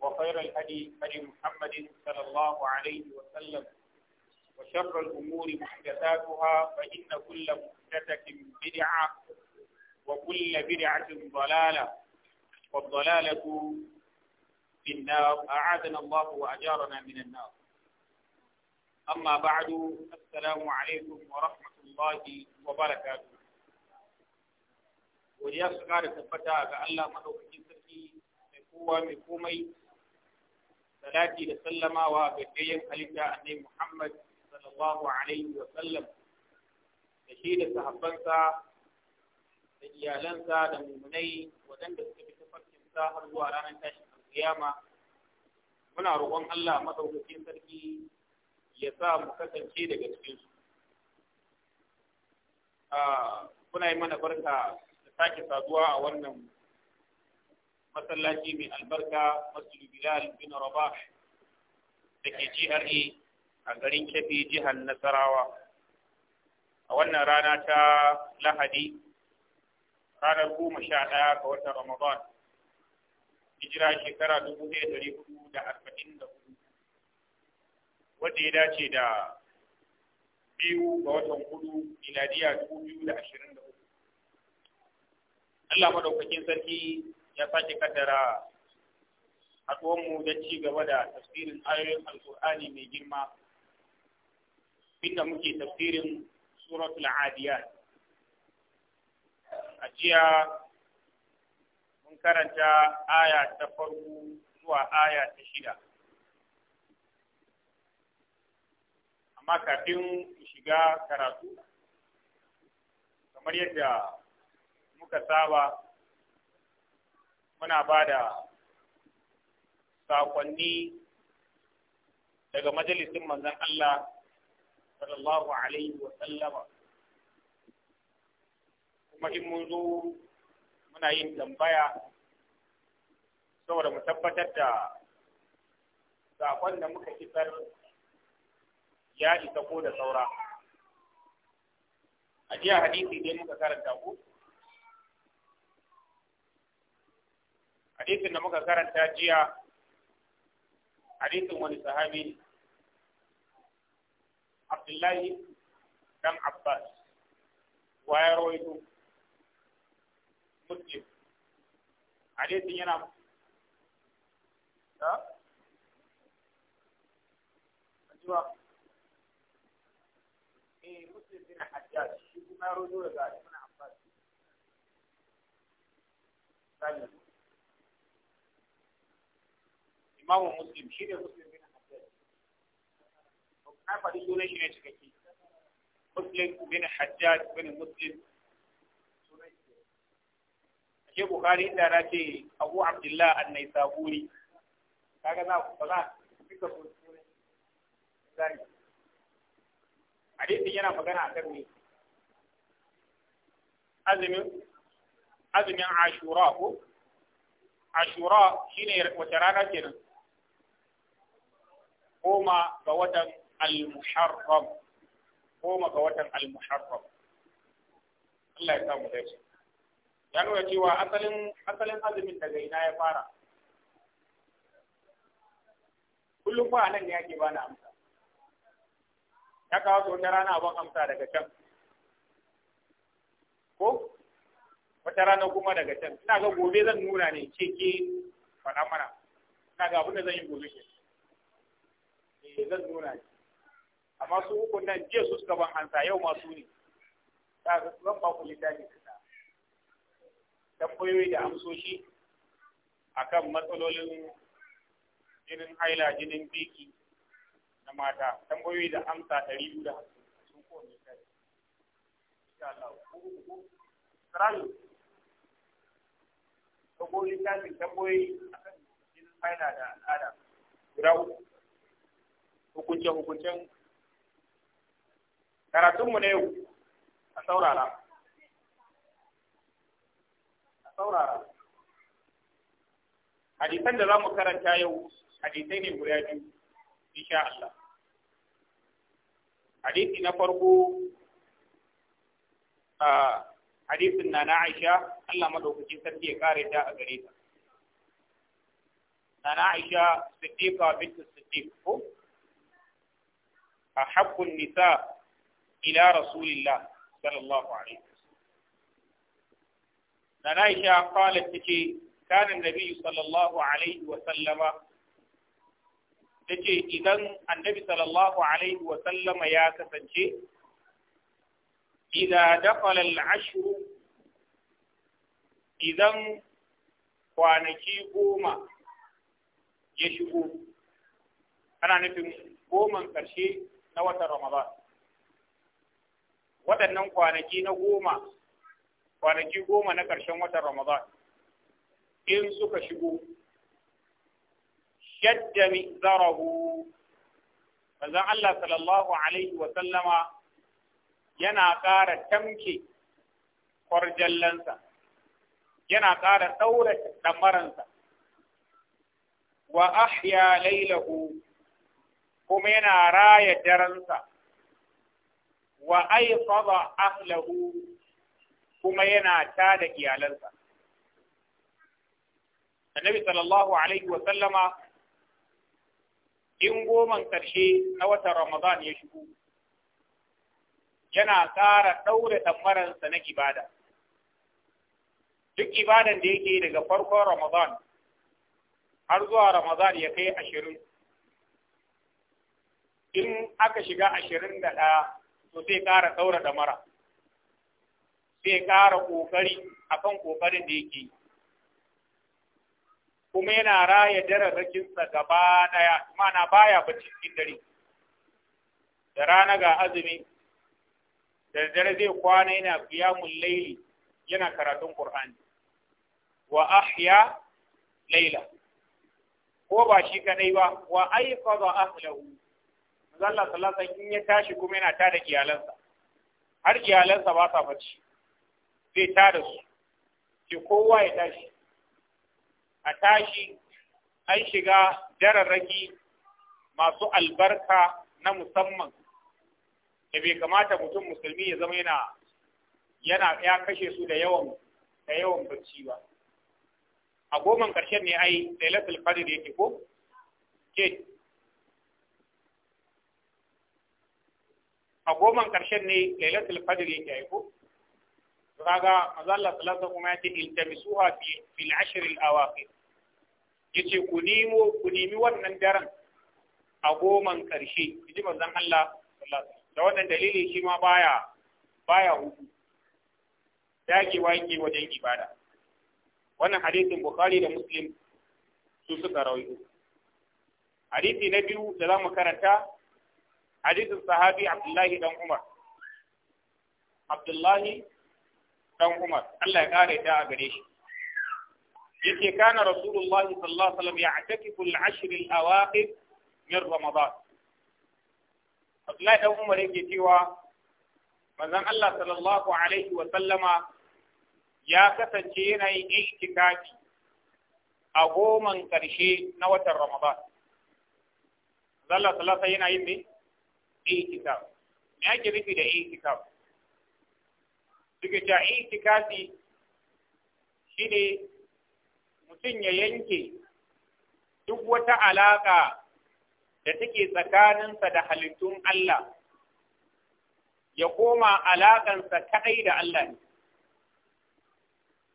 وخير الهدي هدي محمد صلى الله عليه وسلم وشر الأمور محدثاتها فإن كل محدثة بدعة وكل بدعة ضلالة والضلالة في النار أعاذنا الله وأجارنا من النار أما بعد السلام عليكم ورحمة الله وبركاته وليس قارئ ثبتها فألا مدوكين سكي مكوى مكومي salati da sallamawa ga fayyan halitta ne Muhammad sallallahu alaihi wa sallam da shi da sahabbansa da iyalansa da mumunai waɗanda suka fi tafarkin sa har zuwa ranar tashin ziyama muna roƙon Allah madaukakin sarki ya sa mu kasance daga cikin su ah, kuna yi mana barka da sake saduwa a wannan masallaci mai albarka masjid bilal bin rabah da ke GRA a garin kefi jihar Nasarawa a wannan rana ta Lahadi ranar goma sha ɗaya ga watan Ramadan hijira shekara dubu ɗaya dari hudu da arba'in da hudu wadda ya dace da biyu ga watan hudu miladiya dubu biyu da ashirin da hudu Allah madaukakin sarki ya faɗi kaddara mu da ci gaba da tafsirin ayoyin alkur'ani mai girma inda muke tafsirin suratul adiyat a jiya mun karanta aya ta farko zuwa aya ta shida amma kafin mu shiga karatu kamar yadda muka saba muna ba da sakonni daga majalisin manzan Allah sallallahu alaihi wasallama kuma in mun zo muna yin tambaya saboda mu tabbatar da sakon da muka isar ya isa ko da saura a jiya hadisi dai muka karanta ku hadisin da muka karanta jiya hadisin wani sahabi abdullahi dan abbas waya rawaito muslim hadisin yana da Ajiwa. Eh, muslim bin hajjaj shi kuma rawaito daga abbas. imamu muslim shi ne muslim bin hajjaj faɗi shi ne muslim bin hajjaj bin muslim ke inda na yana magana a azumin ashura ko ashura shine wata rana kenan Koma ga watan al-muharram koma ga watan al-muharram Allah ya samu dai ya nuna cewa asalin asalin azumin daga ina ya fara kullum ba nan ne yake bani amsa ya kawo su wata rana ban amsa daga can ko wata rana kuma daga can ina ga gobe zan nuna ne ce ke faɗa mana ina ga abin da zan yi gobe ke ce zan nuna shi amma su uku nan jiya su suka ban hansa yau su ne ta ga zan ba ku littafi ta tambayoyi da amsoshi akan matsalolin jinin haila jinin biki na mata tambayoyi da amsa ɗari biyu da hamsin sun kowane littafi insha Allah Saralu, ɗauko littafin tambayoyi akan jinin haila da al'ada guda uku hukunce-hukuncen karatunmu ne yau a saurara. A saurara. Hadisan da za mu karanta yau hadisai ne guda biyu, insha Allah. Hadisi na farko a hadisin na na Aisha, Allah madaukaki sarki ya kare ta a gare ta. Na na Aisha, Siddiqa Bintu Siddiq, ko? أحب النساء إلى رسول الله صلى الله عليه وسلم نعيشة قالت تكي كان النبي صلى الله عليه وسلم تكي إذا النبي صلى الله عليه وسلم يا كسنشي إذا دخل العشر إذا kwanaki goma ya shigo ana nufin goman ƙarshe na watan Ramadan. Waɗannan kwanaki na goma, kwanaki goma na ƙarshen watan Ramadan, in suka shigo, shadda mi zarahu, manzon Allah sallallahu Alaihi Sallama yana ƙara tamke kwarjallansa, yana ƙara ɗaura ɗamaransa, wa ahya lailahu kuma yana raya daransa wa aiqadha ahlahu kuma yana tada iyalansa annabi sallallahu alaihi wa sallama in goman ƙarshe na watan ramadan ya shigo yana tsara ɗaure ɗammaransa na ibada duk ibadan da yake daga farkon ramadan har zuwa ramadan ya kai ashirin in aka shiga ashirin da ɗaya to sai ƙara ɗaura da mara sai ƙara ƙoƙari kan ƙoƙarin da yake kuma yana raya dararrakinsa gaba ɗaya mana baya ba cikin dare da rana ga azumi da dare zai kwana yana qiyamul laili yana karatun ƙur'ani wa ahya layla ko ba shi kadai ba wa ayqadha ahlahu Allah sallallahu alaihi wasallam in ya tashi kuma yana tada iyalansa har iyalansa ba sa bacci zai tada su ki kowa ya tashi a tashi an shiga dararraki masu albarka na musamman da bai kamata mutum musulmi ya zama yana yana ya kashe su da yawan da yawan bacci ba a goman ƙarshen ne ai lailatul qadr yake ko ke a goman ƙarshen ne lailatul qadr yake aiko kaga manzo Allah sallallahu alaihi wasallam ce iltamisuha fi fil ashr al awakhir yace ku nimo ku nimi wannan daren a goman ƙarshe yaji manzon Allah sallallahu alaihi da wannan dalili shi ma baya baya hudu dage wanke wajen ibada wannan hadisin bukhari da muslim su suka rawaito hadisi na biyu da zamu karanta hadisin sahabi Abdullahi dan Umar Abdullahi dan Umar Allah ya kare ta a gare shi yace kana rasulullahi sallallahu alaihi wasallam ya'takifu al-ashr al-awaqib min ramadan Abdullahi dan Umar yake cewa manzon Allah sallallahu alaihi sallama ya kasance yanayin yin a goman karshe na watan Ramadan. Allah sallallahu yana yin ne itikaf me ake nufi da itikaf suke cewa itikafi ne mutum ya yanke duk wata alaka da take tsakaninsa da halittun Allah ya koma alakansa kaɗai da Allah ne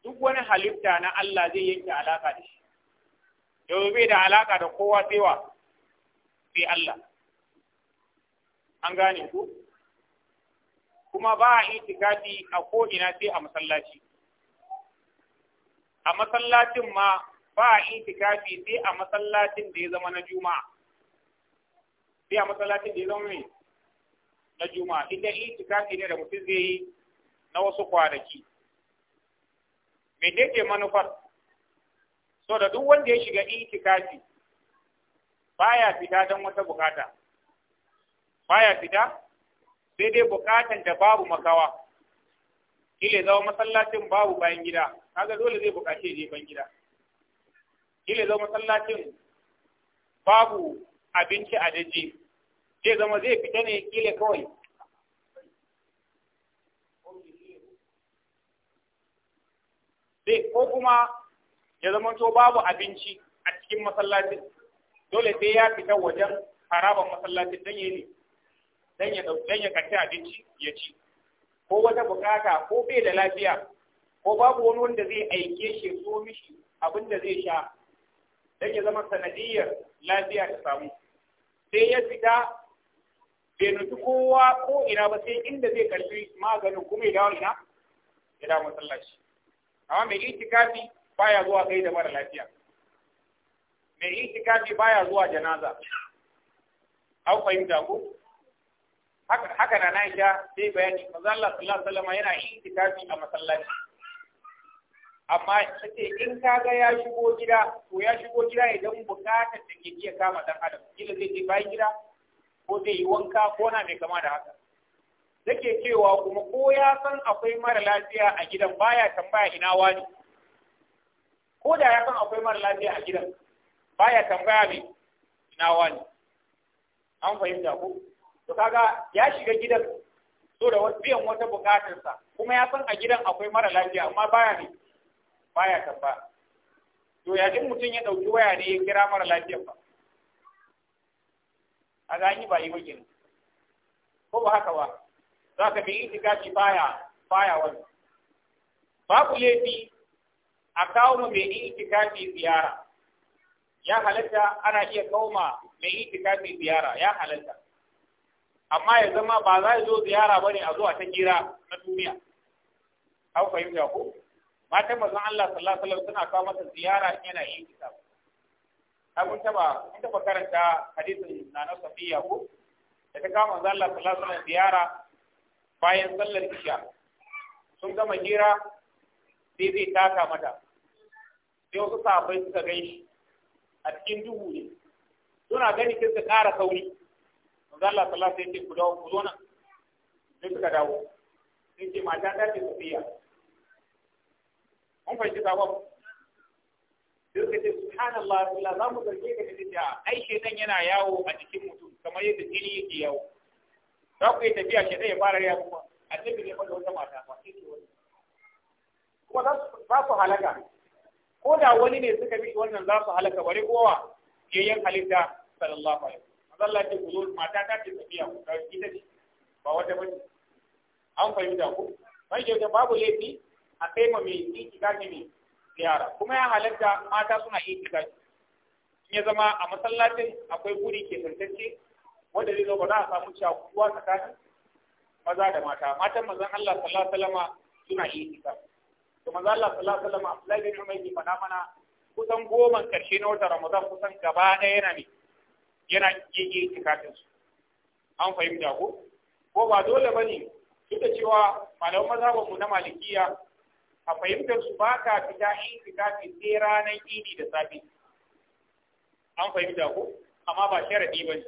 duk wani halitta na Allah zai yanke alaka da shi yau bai da alaka da kowa sai wa sai Allah an gane ku kuma ba a itikafi a ko ina sai a masallaci a masallacin ma ba a itikafi sai a masallacin da ya zama na juma'a sai a masallacin da ya zama na juma'a ita itikafi ne da mutum zai yi na wasu kwanaki me ne manufar so da duk wanda ya shiga Ba baya fita don wata bukata baya fita sai dai bukatan da babu makawa kile zama masallacin babu bayan gida kaga dole zai bukace je ban gida kile zama masallacin babu abinci a daji zai zama zai fita ne kile kawai sai ko kuma ya zama to babu abinci a cikin masallacin dole sai ya fita wajen haraban masallacin don yi dan ya dan ya abinci ya ci ko wata bukata ko bai da lafiya ko babu wani wanda zai aike shi so mishi abin da zai sha dan ya zama sanadiyar lafiya ta samu sai ya fita bai nufi kowa ko ina ba sai inda zai karfi maganin kuma ya dawo ina ya dawo masallaci amma mai itikafi baya zuwa kai da mara lafiya mai itikafi baya zuwa janaza an fahimta ko haka na Aisha sai bayani manzo Allah sallallahu alaihi wasallam yana itikafi a masallaci amma take in ka ga ya shigo gida to ya shigo gida idan bukatar da ke iya kama dan adam kila zai je bayan gida ko zai yi wanka ko na mai kama da haka ke cewa kuma ko ya san akwai mara lafiya a gidan baya tambaya ina wani ko da ya san akwai mara lafiya a gidan baya tambaya mai ina wani an fahimta ko to kaga ya shiga gidan so da biyan wata bukatarsa kuma ya san a gidan akwai mara lafiya amma baya ne baya tamba to ya in mutum ya dauki waya ne ya kira mara lafiya ba a ga yi ba yi wajen ko ba haka ba za ka bi shi baya baya wani babu laifi a kawo mu mai itikafi ziyara ya halatta ana iya kawo ma mai itikafi ziyara ya halatta amma ya zama ba za zo ziyara bane a zuwa ta gira na duniya an fahimta ko matan mazan Allah sallallahu alaihi wasallam suna kawo masa ziyara yana yin kitabu abun taba in taba karanta hadisin na na safiya ko da ta kawo mazan Allah sallallahu alaihi wasallam ziyara bayan sallar isha sun gama gira sai zai taka mata sai wasu sabai suka gan shi a cikin duhu ne suna gani sai su ƙara sauri manzo Allah sallallahu alaihi wasallam ku dawo ku zo sai suka dawo sai ce mata ta ce Safiya mun fahimci sabon sai suka ce subhanallah illa za mu zarge ka da ita ai shedan yana yawo a jikin mutum kamar yadda jini yake yawo za ku yi tafiya shedan ya fara yawo kuma annabi ne fa da wata mata ba sai ce wani kuma za su halaka ko da wani ne suka bi wannan za su halaka bari kowa yayin halitta sallallahu alaihi sallah ce mata ta ce tafiya ku ta ita ce ba wata bane an fahimta ku mai kyauta babu laifi a kai ma mai itikafi ne ziyara kuma ya halatta mata suna itikafi in ya zama a masallacin akwai guri ke tantance wanda zai zo ba za a samu cakuwa tsakanin maza da mata matan mazan Allah sallallahu alaihi wasallam suna itikafi to manzo Allah sallallahu alaihi wasallam Abdullahi bin mai ki faɗa mana kusan goma karshe na wata Ramadan kusan gaba ɗaya yana ne yana iya iya su an fahimta ko ko ba dole bane duk da cewa malaman mazhabin mu na malikiya a fahimtar su ba ka fita itikafi sai ranar idi da safe an fahimta ko amma ba sharadi ba ne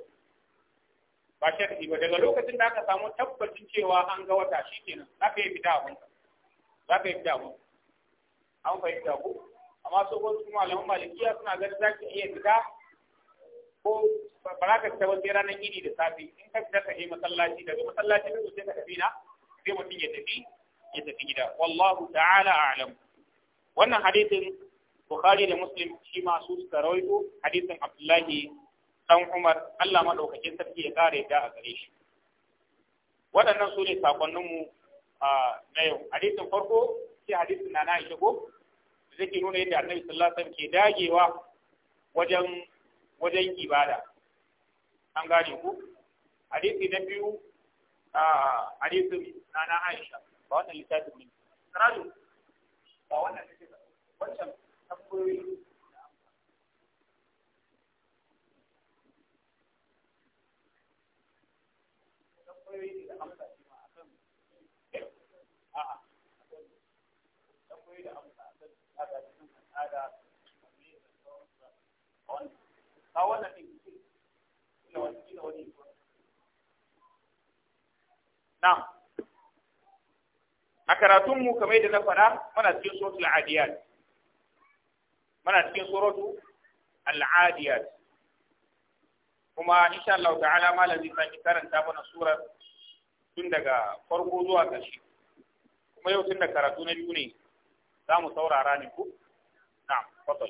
ba sharadi ba daga lokacin da aka samu tabbacin cewa an ga wata shi kenan za ka yi fita abin za ka yi fita abin an fahimta ko amma su kuma malaman malikiya suna ganin za ka iya fita ko ba za ka wasu ranar idi da safe in ka fita ka yi masallaci daga masallaci ne sai ka tafi na sai mutum ya tafi ya tafi gida wallahu ta'ala a'lam wannan hadisin Bukhari da Muslim shi ma su suka rawaito hadisin Abdullahi dan Umar Allah madaukakin sarki ya kare da a gare shi waɗannan su ne sakonninmu na yau hadisin farko sai hadisin na na ko zai nuna yadda annabi sallallahu alaihi wasallam ke dagewa wajen wajen ibada an gane ku hadisi na biyu a na, na Aisha ba wannan littafin ne Karatu? ba wannan littafin wancan tabbobi na a karatun mu kamar yadda na fara muna cikin suratul adiyat muna cikin suratul al-adiyat kuma insha Allah ta'ala malam zai sake karanta mana surar tun daga farko zuwa ƙarshe kuma yau tun da karatu na biyu ne za mu saurara ne ku na fasal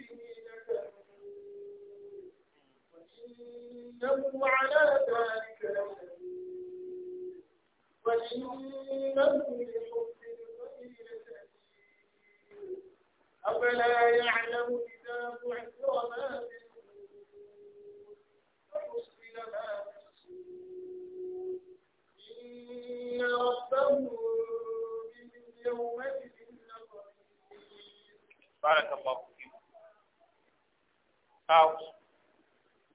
وإنه على ذلك لشهيد وإنه لحب الخير شهيد أفلا يعلم إذا بعثر ما في القبور وحصل ما في الصدور إن ربهم بهم يومئذ لقريب بارك الله فيكم.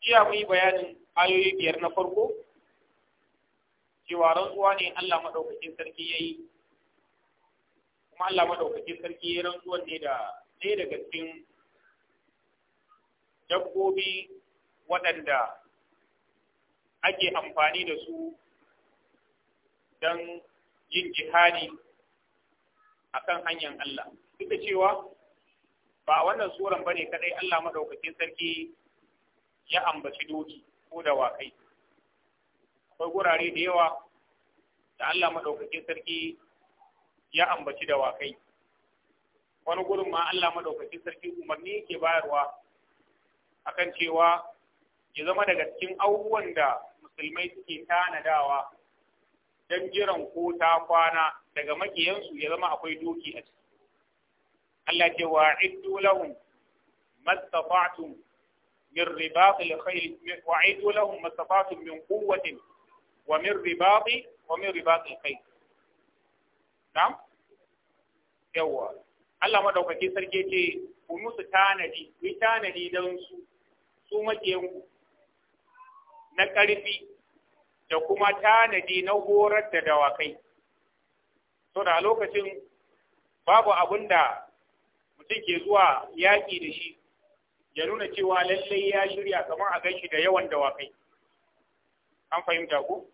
jiya mai bayanin ayoyi biyar na farko cewa rantsuwa ne Allah maɗaukakin sarki ya yi? kuma Allah maɗaukakin sarki ya rantsuwa ne da ɗaya daga cikin dabbobi waɗanda ake amfani da su don yin jihadi a kan hanyar Allah. Duk da cewa ba wannan suran ba ne kadai Allah maɗaukakin sarki ya ambaci doki ko dawakai akwai gurare da yawa da Allah madaukakin sarki ya ambaci dawakai wani gurin ma Allah madaukakin sarki umarni yake bayarwa akan cewa ya zama daga cikin abubuwan da musulmai suke tanadawa don jiran ko ta kwana daga makiyansu ya zama akwai doki a ciki Allah ce wa iddu lahum mastata'tum من رباط الخيل وعيدوا لهم ما استطعتم من قوة ومن رباط ومن رباط الخيل نعم يوا Allah madaukake sarki ce ku musu tanadi tanadi don su su makiyanku na ƙarfi da kuma tanadi na horar da dawakai so da lokacin babu abin da mutum ke zuwa yaƙi da shi ya nuna cewa lallai ya shirya kamar a ganshi da yawan dawakai an fahimta ku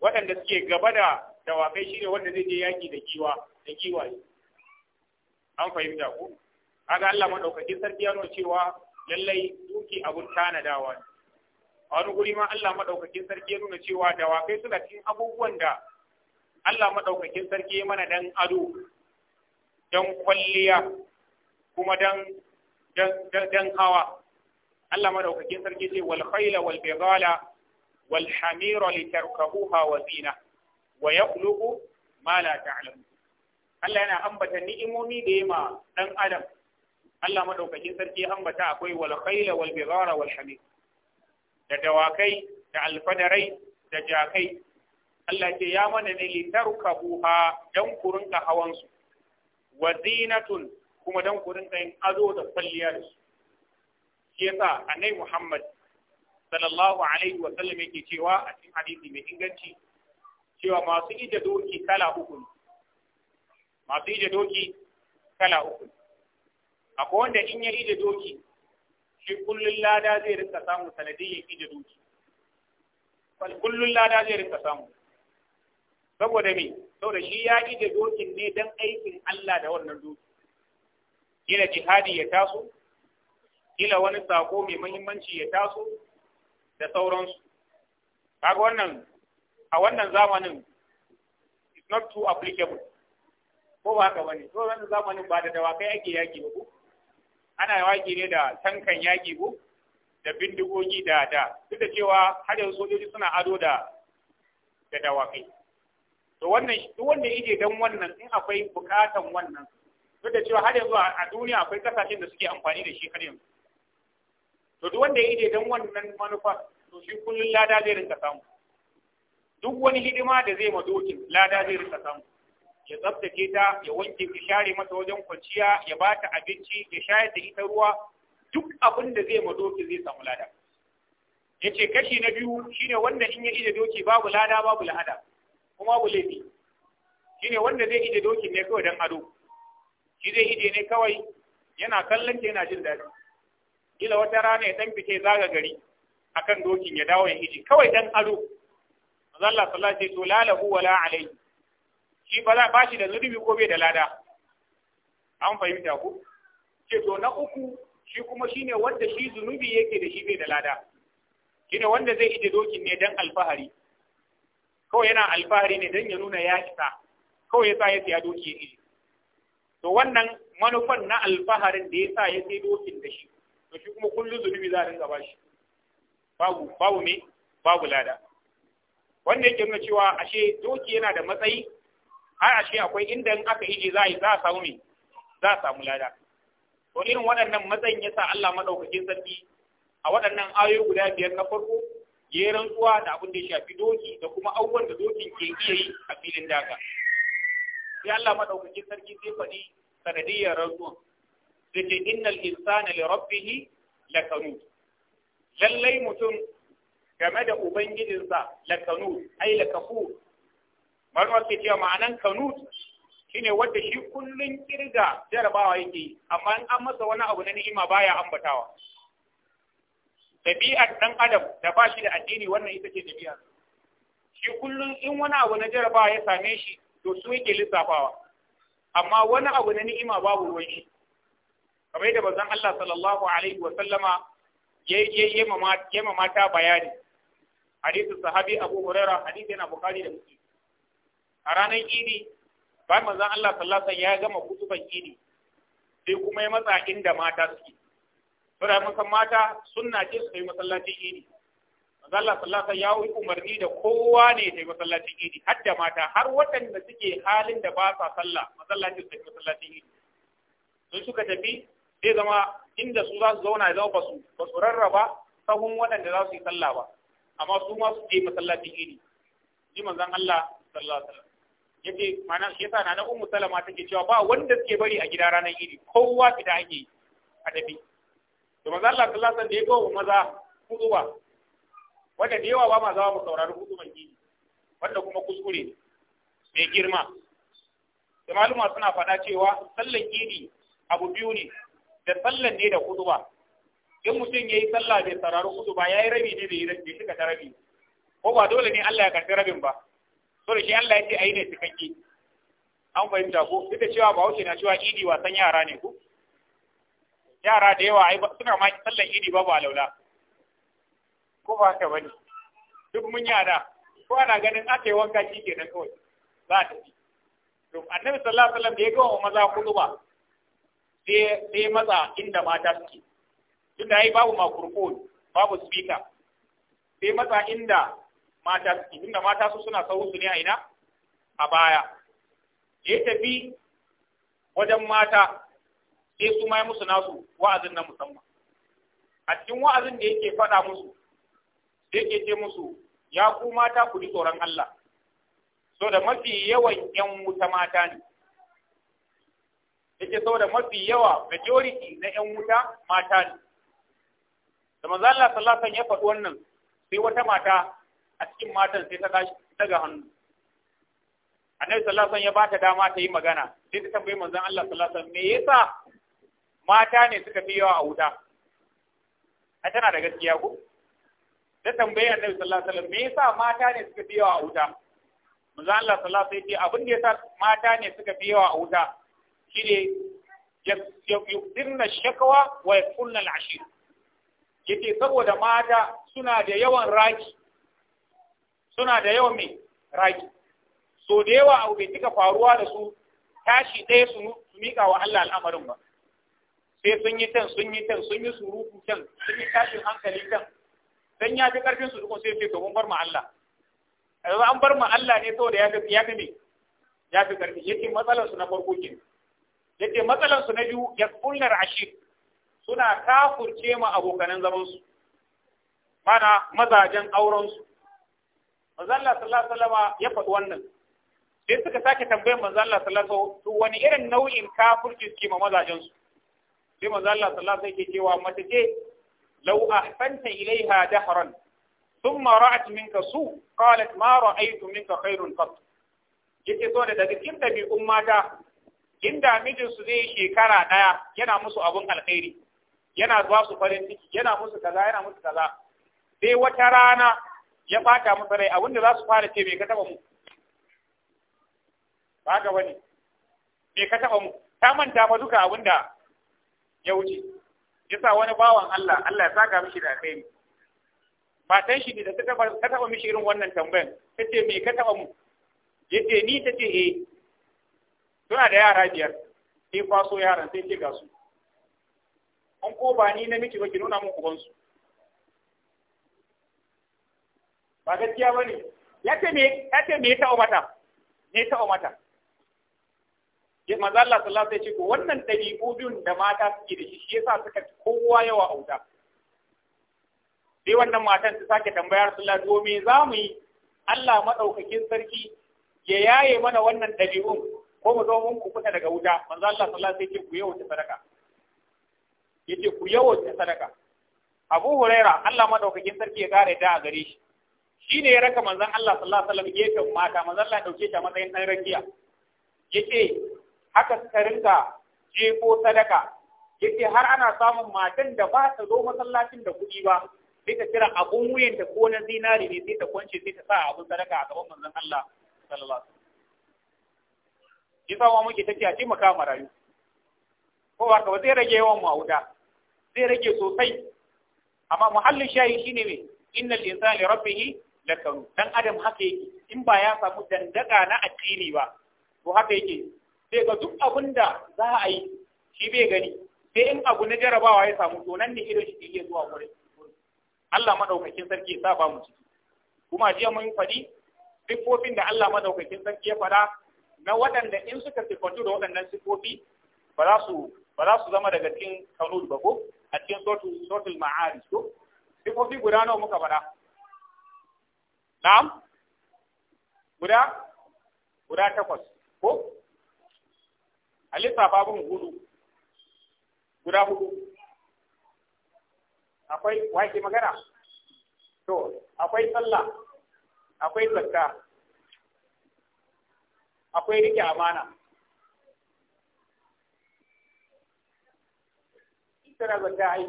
waɗanda suke gaba da dawakai shi ne wanda zai je yaƙi da giwa da giwaye an fahimta ku aga Allah madaukakin sarki ya nuna cewa lallai duki abun tanadawa ne a wani guri ma Allah madaukakin sarki ya nuna cewa dawakai suna cikin abubuwan da Allah madaukakin sarki ya mana dan ado dan kwalliya kuma dan dan hawa Allah madaukakin sarki zai wal khayla wal bidala wal hamira litarkabuha wa zina wa yaqlubu ma la ta'lamu Allah yana ambata ni'imomi da yima dan adam Allah madaukakin sarki ya ambata akwai wal khayla wal bidala wal hamir da dawakai da alfadarai da jakai Allah ce ya mana ne litarkabuha dan ku rinka hawan su wa zinatun kuma don ku rinka yin ado da kwalliya da su shi yasa annai muhammad sallallahu alaihi wa sallam yake cewa a cikin hadisi mai inganci cewa masu ije doki kala uku ne masu ije doki kala uku akwai wanda in ya ije doki shi kullun lada zai rinka samu sanadiyyar ije doki kullun lada zai rinka samu saboda me saboda shi ya ije dokin ne dan aikin Allah da wannan doki ila jihadi ya taso ila wani sako mai muhimmanci ya taso da sauransu kaga wannan a wannan zamanin it's not too applicable ko ba haka wani, to wannan zamanin ba da dawakai ake yaki ba ko ana yaki ne da tankan yaki ko da bindigogi da da duk da cewa har yanzu sojoji suna ado da da dawakai to wannan duk wanda yake dan wannan in akwai bukatan wannan duk da cewa har yanzu a duniya akwai kasashen da suke amfani da shi har yanzu to duk wanda ya ide don wannan manufa to shi kullum lada zai rinka samu duk wani hidima da zai ma dokin lada zai rinka samu ya tsabtace ta ya wanke ta share mata wajen kwanciya ya ba ta abinci ya shayar da ita ruwa duk abin da zai ma doki zai samu lada ya ce kashi na biyu shine wanda in ya ije doki babu lada babu lahada kuma babu laifi shine wanda zai ije dokin ne kawai don ado ide zai ne kawai yana kallon ke yana jin daɗi kila wata rana ya dan fice zaga gari akan dokin ya dawo ya ije kawai dan ado manzo Allah sallallahu alaihi wasallam la lahu wala alai shi ba ba shi da zulubi ko bai da lada an fahimta ku ce to na uku shi kuma shine wanda shi zunubi yake da shi bai da lada shine wanda zai ije dokin ne dan alfahari kawai yana alfahari ne dan ya nuna ya isa kawai yasa ya siya doki ya ije to wannan manufan na alfaharin da ya sa ya sai dokin da shi to shi kuma kullum zunubi za a dinga ba shi babu babu me babu lada wanda yake nuna cewa ashe doki yana da matsayi har ashe akwai inda in aka ije za a yi za a samu me za a samu lada to irin waɗannan matsayin ya sa Allah madaukakin sarki a waɗannan ayoyi guda biyar na farko ya yi rantsuwa da abin da ya shafi doki da kuma abubuwan da dokin ke iya yi a filin daga sai Allah madaukakin sarki sai faɗi sanadiyar rantsuwan sai innal insana li rabbihi lakanud lallai mutum game da ubangijinsa lakanu ai lakafu malama sai ce ma'anan kanut shine wanda shi kullun kirga jarabawa yake amma in an masa wani abu na ni'ima baya ambatawa ɗabi'ar dan adam da ba da addini wannan ita ce ɗabi'ar shi kullum in wani abu na jarabawa ya same shi to su yake lissafawa amma wani abu na ni'ima babu ruwan shi kamar yadda bazan Allah sallallahu alaihi wa sallama ya yi mata bayani hadithu sahabi Abu Huraira hadithu yana Bukhari da Muslim a ranar idi bayan manzon Allah sallallahu alaihi ya gama kutuban idi sai kuma ya matsa inda mata suke sai mun san mata sunna ce su yi masallacin idi Allah sallallahu alaihi ya yi umarni da kowa ne ya yi masallacin idi har da mata har waɗanda suke halin da ba sa sallah masallacin su masallacin idi sun suka tafi zai zama inda su za su zauna zama ba su ba su rarraba sahun waɗanda za su yi sallah ba amma su ma su je masallacin idi ji manzon Allah sallallahu alaihi wasallam yake mana shi yasa na ummu salama take cewa ba wanda suke bari a gida ranar idi kowa fita ake a tafi to manzon Allah sallallahu alaihi wasallam da ya ga maza kuwa wanda da yawa ba ma zama mu saurari huduman gini wanda kuma kuskure mai girma da maluma suna faɗa cewa sallan gini abu biyu ne da sallan ne da ba. in mutum ya yi sallah bai saurari ba ya yi rabi ne da ya shiga ta rabi ko ba dole ne Allah ya karɓi rabin ba dole shi Allah ya ce ayi ne cikakke an fahimta ko duk da cewa bahaushe na cewa idi wasan yara ne ko yara da yawa ai suna ma sallan idi babu alaula ko ba ta bane duk mun yada ko ana ganin aka wanka shi kenan kawai za ta ci to annabi sallallahu alaihi wasallam da ya gawa maza kudu ba sai sai maza inda mata suke da ai babu makurko babu speaker sai maza inda mata suke inda mata su suna sauri su ne a ina a baya ya tafi wajen mata sai su ma musu nasu wa'azin na musamman a cikin wa'azin da yake faɗa musu sai ke ce musu ya ku mata ku ji tsoron Allah so da mafi yawan yan wuta mata ne yake so da mafi yawa majority na yan wuta mata ne da manzo Allah sallallahu alaihi ya faɗi wannan sai wata mata a cikin matan sai ta tashi daga hannu annabi sallallahu alaihi ya bata dama ta yi magana sai ta tambayi manzon Allah sallallahu alaihi me yasa mata ne suka fi yawa a wuta a tana da gaskiya ko ta tambayi annabi sallallahu alaihi wasallam me yasa mata ne suka fi yawa a wuta manzo Allah sallallahu alaihi wasallam abin da yasa mata ne suka fi yawa a wuta shine yuqdirna shakwa wa yaqulna al-ashir yake saboda mata suna da yawan raki suna da yawan me raki so da yawa abu bai cika faruwa da su tashi ɗaya su miƙa wa Allah al'amarin ba sai sun yi can sun yi can sun yi surutu can sun yi tashin hankali can dan ya fi karfin su dukun sai ce to mun bar mu Allah yanzu an bar mu Allah ne saboda ya fi ya fi ya fi karfi yake matsalar su na farko ke yake matsalar su na biyu kullar ashir suna kafurce ma abokanan zaman su mana mazajen auren su manzo Allah sallallahu alaihi ya faɗi wannan sai suka sake tambayar manzo Allah sallallahu alaihi wasallam to wani irin nau'in kafurci suke ma mazajen su sai manzo Allah sallallahu alaihi wasallam yake cewa mace ce لو أحسنت إليها su ثم رأت منك سوء قالت ما رأيت منك خير قط yake so da daga cikin ɗabi'un mata inda mijinsu zai shekara ɗaya yana musu abun alkhairi yana ba su farin ciki yana musu kaza yana musu kaza sai wata rana ya bata musu rai abin da za su fara ce bai ka taba mu ta manta fa duka abin da ya wuce yasa wani bawan Allah Allah ya saka mishi da ba matan shi ne da ta taba mishi irin wannan tambayan tace me ka taba mu yace ni tace eh suna da yara biyar sai kwaso yaran sai ce ga su an ko ba ni na miki ba ki nuna mun uban su ba gaskiya bane yace me yace me ta mata ne ta mata manzo Allah sallallahu alaihi wasallam wannan ɗabi'u biyun da mata suke da shi shi yasa suka kowa yawa auta sai wannan matan ta sake tambayar Rasulullah to me za mu yi Allah madaukakin sarki ya yaye mana wannan ɗabi'un ko mu zo mun ku kuta daga wuta manzo Allah sallallahu alaihi wasallam ku yawaita sadaka yace ku yawaita sadaka Abu Huraira Allah madaukakin sarki ya kare da a gare shi shi ne ya raka manzan Allah sallallahu alaihi wasallam gefen mata manzo Allah dauke ta matsayin dan rakiya yace haka suka rinka jefo sadaka yake har ana samun matan da ba ta zo masallacin da kuɗi ba sai ta kira abun wuyan da ko na zinari ne sai ta kwance sai ta sa abun sadaka a gaban manzon Allah sallallahu alaihi wasallam yasa muke take a ce maka marayu ko ba ka zai rage yawan mawuda zai rage sosai amma muhallin shayi shine me innal insani li rabbih lakaru dan adam haka yake in ba ya samu dandaka na addini ba to haka yake sai ga duk abin da za a yi shi bai gani sai in abu na jarabawa ya samu to nan ne ido shi ke iya zuwa wurin Allah madaukakin sarki ya saba mu ciki kuma jiya mun faɗi siffofin da Allah madaukakin sarki ya faɗa na waɗanda in suka sifatu da waɗannan siffofi ba za su ba za su zama daga cikin kanud ba ko a cikin sotul sotul ma'arij ko siffofi guda nawa muka faɗa na'am guda guda takwas ko Alisa babun hudu guda hudu akwai wake magana to akwai sallah akwai zakka akwai rike amana tana zakka ai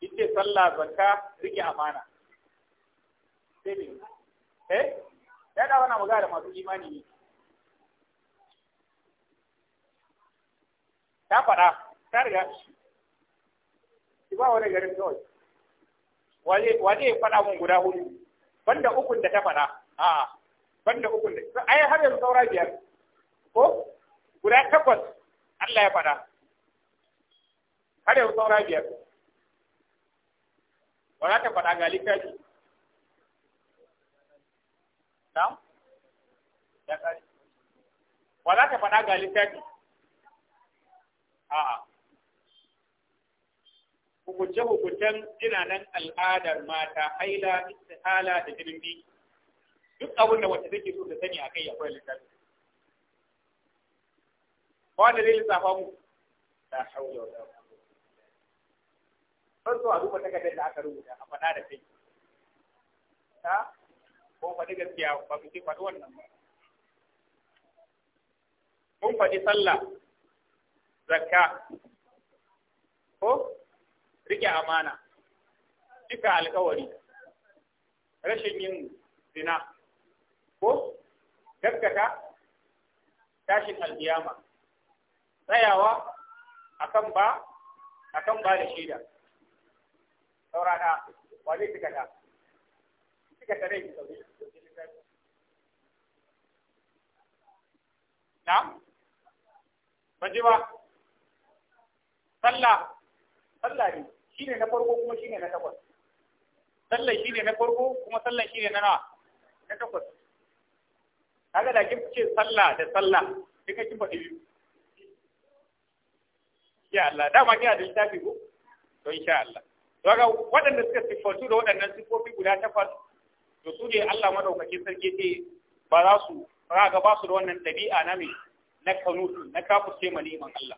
ita sallah zakka rike amana sai ne eh da da wannan magana masu imani ne ta faɗa ta riga shi ba wani garin kawai waje ya faɗa mun guda hudu banda ukun da ta faɗa a banda ukun da ai har yanzu saura biyar ko guda takwas Allah ya faɗa har yanzu saura biyar wala ta faɗa ga littafi na ya kare wala ta faɗa ga littafi a'a hukunce hukuncen jinanan al'adar mata haila istihala da jinin bi duk abin da wata take so ta sani a kai akwai littafi ba da zai lissafa mu la haula wala farko a duba takardar da aka rubuta a faɗa da kai ta ko faɗi gaskiya ba mu ce faɗi wannan ba mun faɗi sallah zakka ko rike amana cika alkawari rashin yin zina ko gaggata tashin alkiyama tsayawa akan ba akan ba da shaida saurana wani cika ta cika ta rai na? Ban sallah sallah ne shine na farko kuma shine na takwas sallah shine na farko kuma sallah shine na na takwas kaga da kin ce sallah da sallah sai ka kin faɗi biyu ya Allah dama kina da littafi ko to insha Allah to waɗanda suka sifatu da waɗannan sifofi guda takwas to su ne Allah madaukakin sarki ce ba za su ba ga ba su da wannan dabi'a na me na kanutu na kafirce ma Allah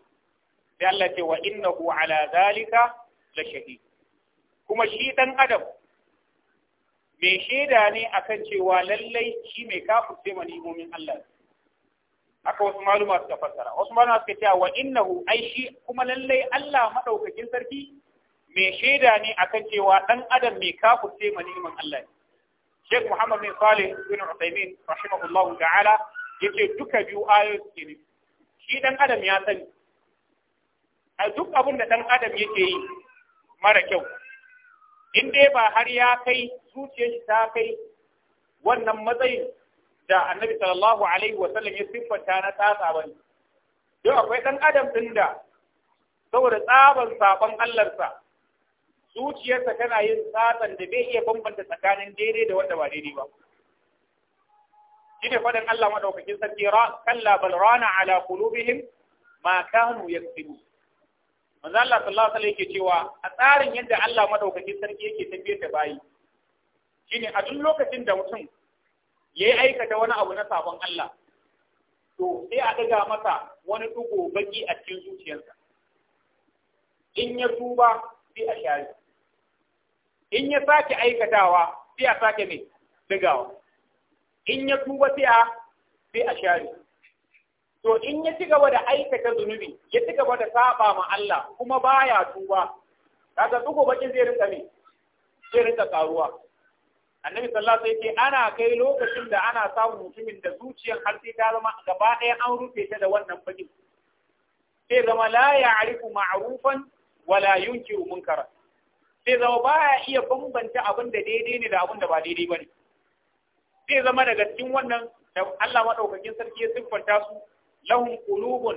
sai Allah ce wa innahu ala zalika la shahid kuma shi dan adam mai shaida ne akan cewa lallai shi mai kafir sai ma ni'imomin Allah haka wasu maluma suka fassara wasu maluma suka cewa wa innahu ai shi kuma lallai Allah madaukakin sarki mai shaida ne akan cewa dan adam mai kafir sai ma ni'imin Allah Sheikh Muhammad bin Salih bin Uthaymeen rahimahullahu ta'ala yace duka biyu ayoyi ne shi dan adam ya sani a duk abin da ɗan adam yake yi mara kyau in dai ba har ya kai zuciyar shi ta kai wannan matsayin da annabi sallallahu alaihi wa sallam ya siffanta na tsatsa ba ne don akwai ɗan adam ɗin da saboda tsaban sabon allarsa zuciyarsa tana yin tsatsan da bai iya bambanta tsakanin daidai da wanda ba daidai ba shi ne faɗin Allah maɗaukakin sarki kalla bal rana ala qulubihim ma kanu yaktubu manzo Allah sallallahu alaihi yake cewa a tsarin yadda Allah madaukakin sarki yake tafiyar da bayi shine a duk lokacin da mutum yayi aikata wani abu na sabon Allah to sai a daga masa wani dugo baki a cikin zuciyarsa in ya tuba sai a share in ya sake aikatawa sai a sake mai digawa in ya tuba sai a sai a share to in ya ci gaba da aikata zunubi ya ci gaba da saba ma Allah kuma baya tuba kaga dugo bakin zai rinka ne, zai rinka karuwa annabi sallallahu alaihi wasallam ana kai lokacin da ana samun mutumin da zuciyar har sai ta zama gaba ɗaya an rufe ta da wannan bakin sai zama la ya'rifu ma'rufan la yunkiru munkara sai zama baya iya bambanta abin da daidai ne da abin da ba daidai bane zai zama daga cikin wannan da Allah madaukakin sarki ya siffanta su lahum qulubun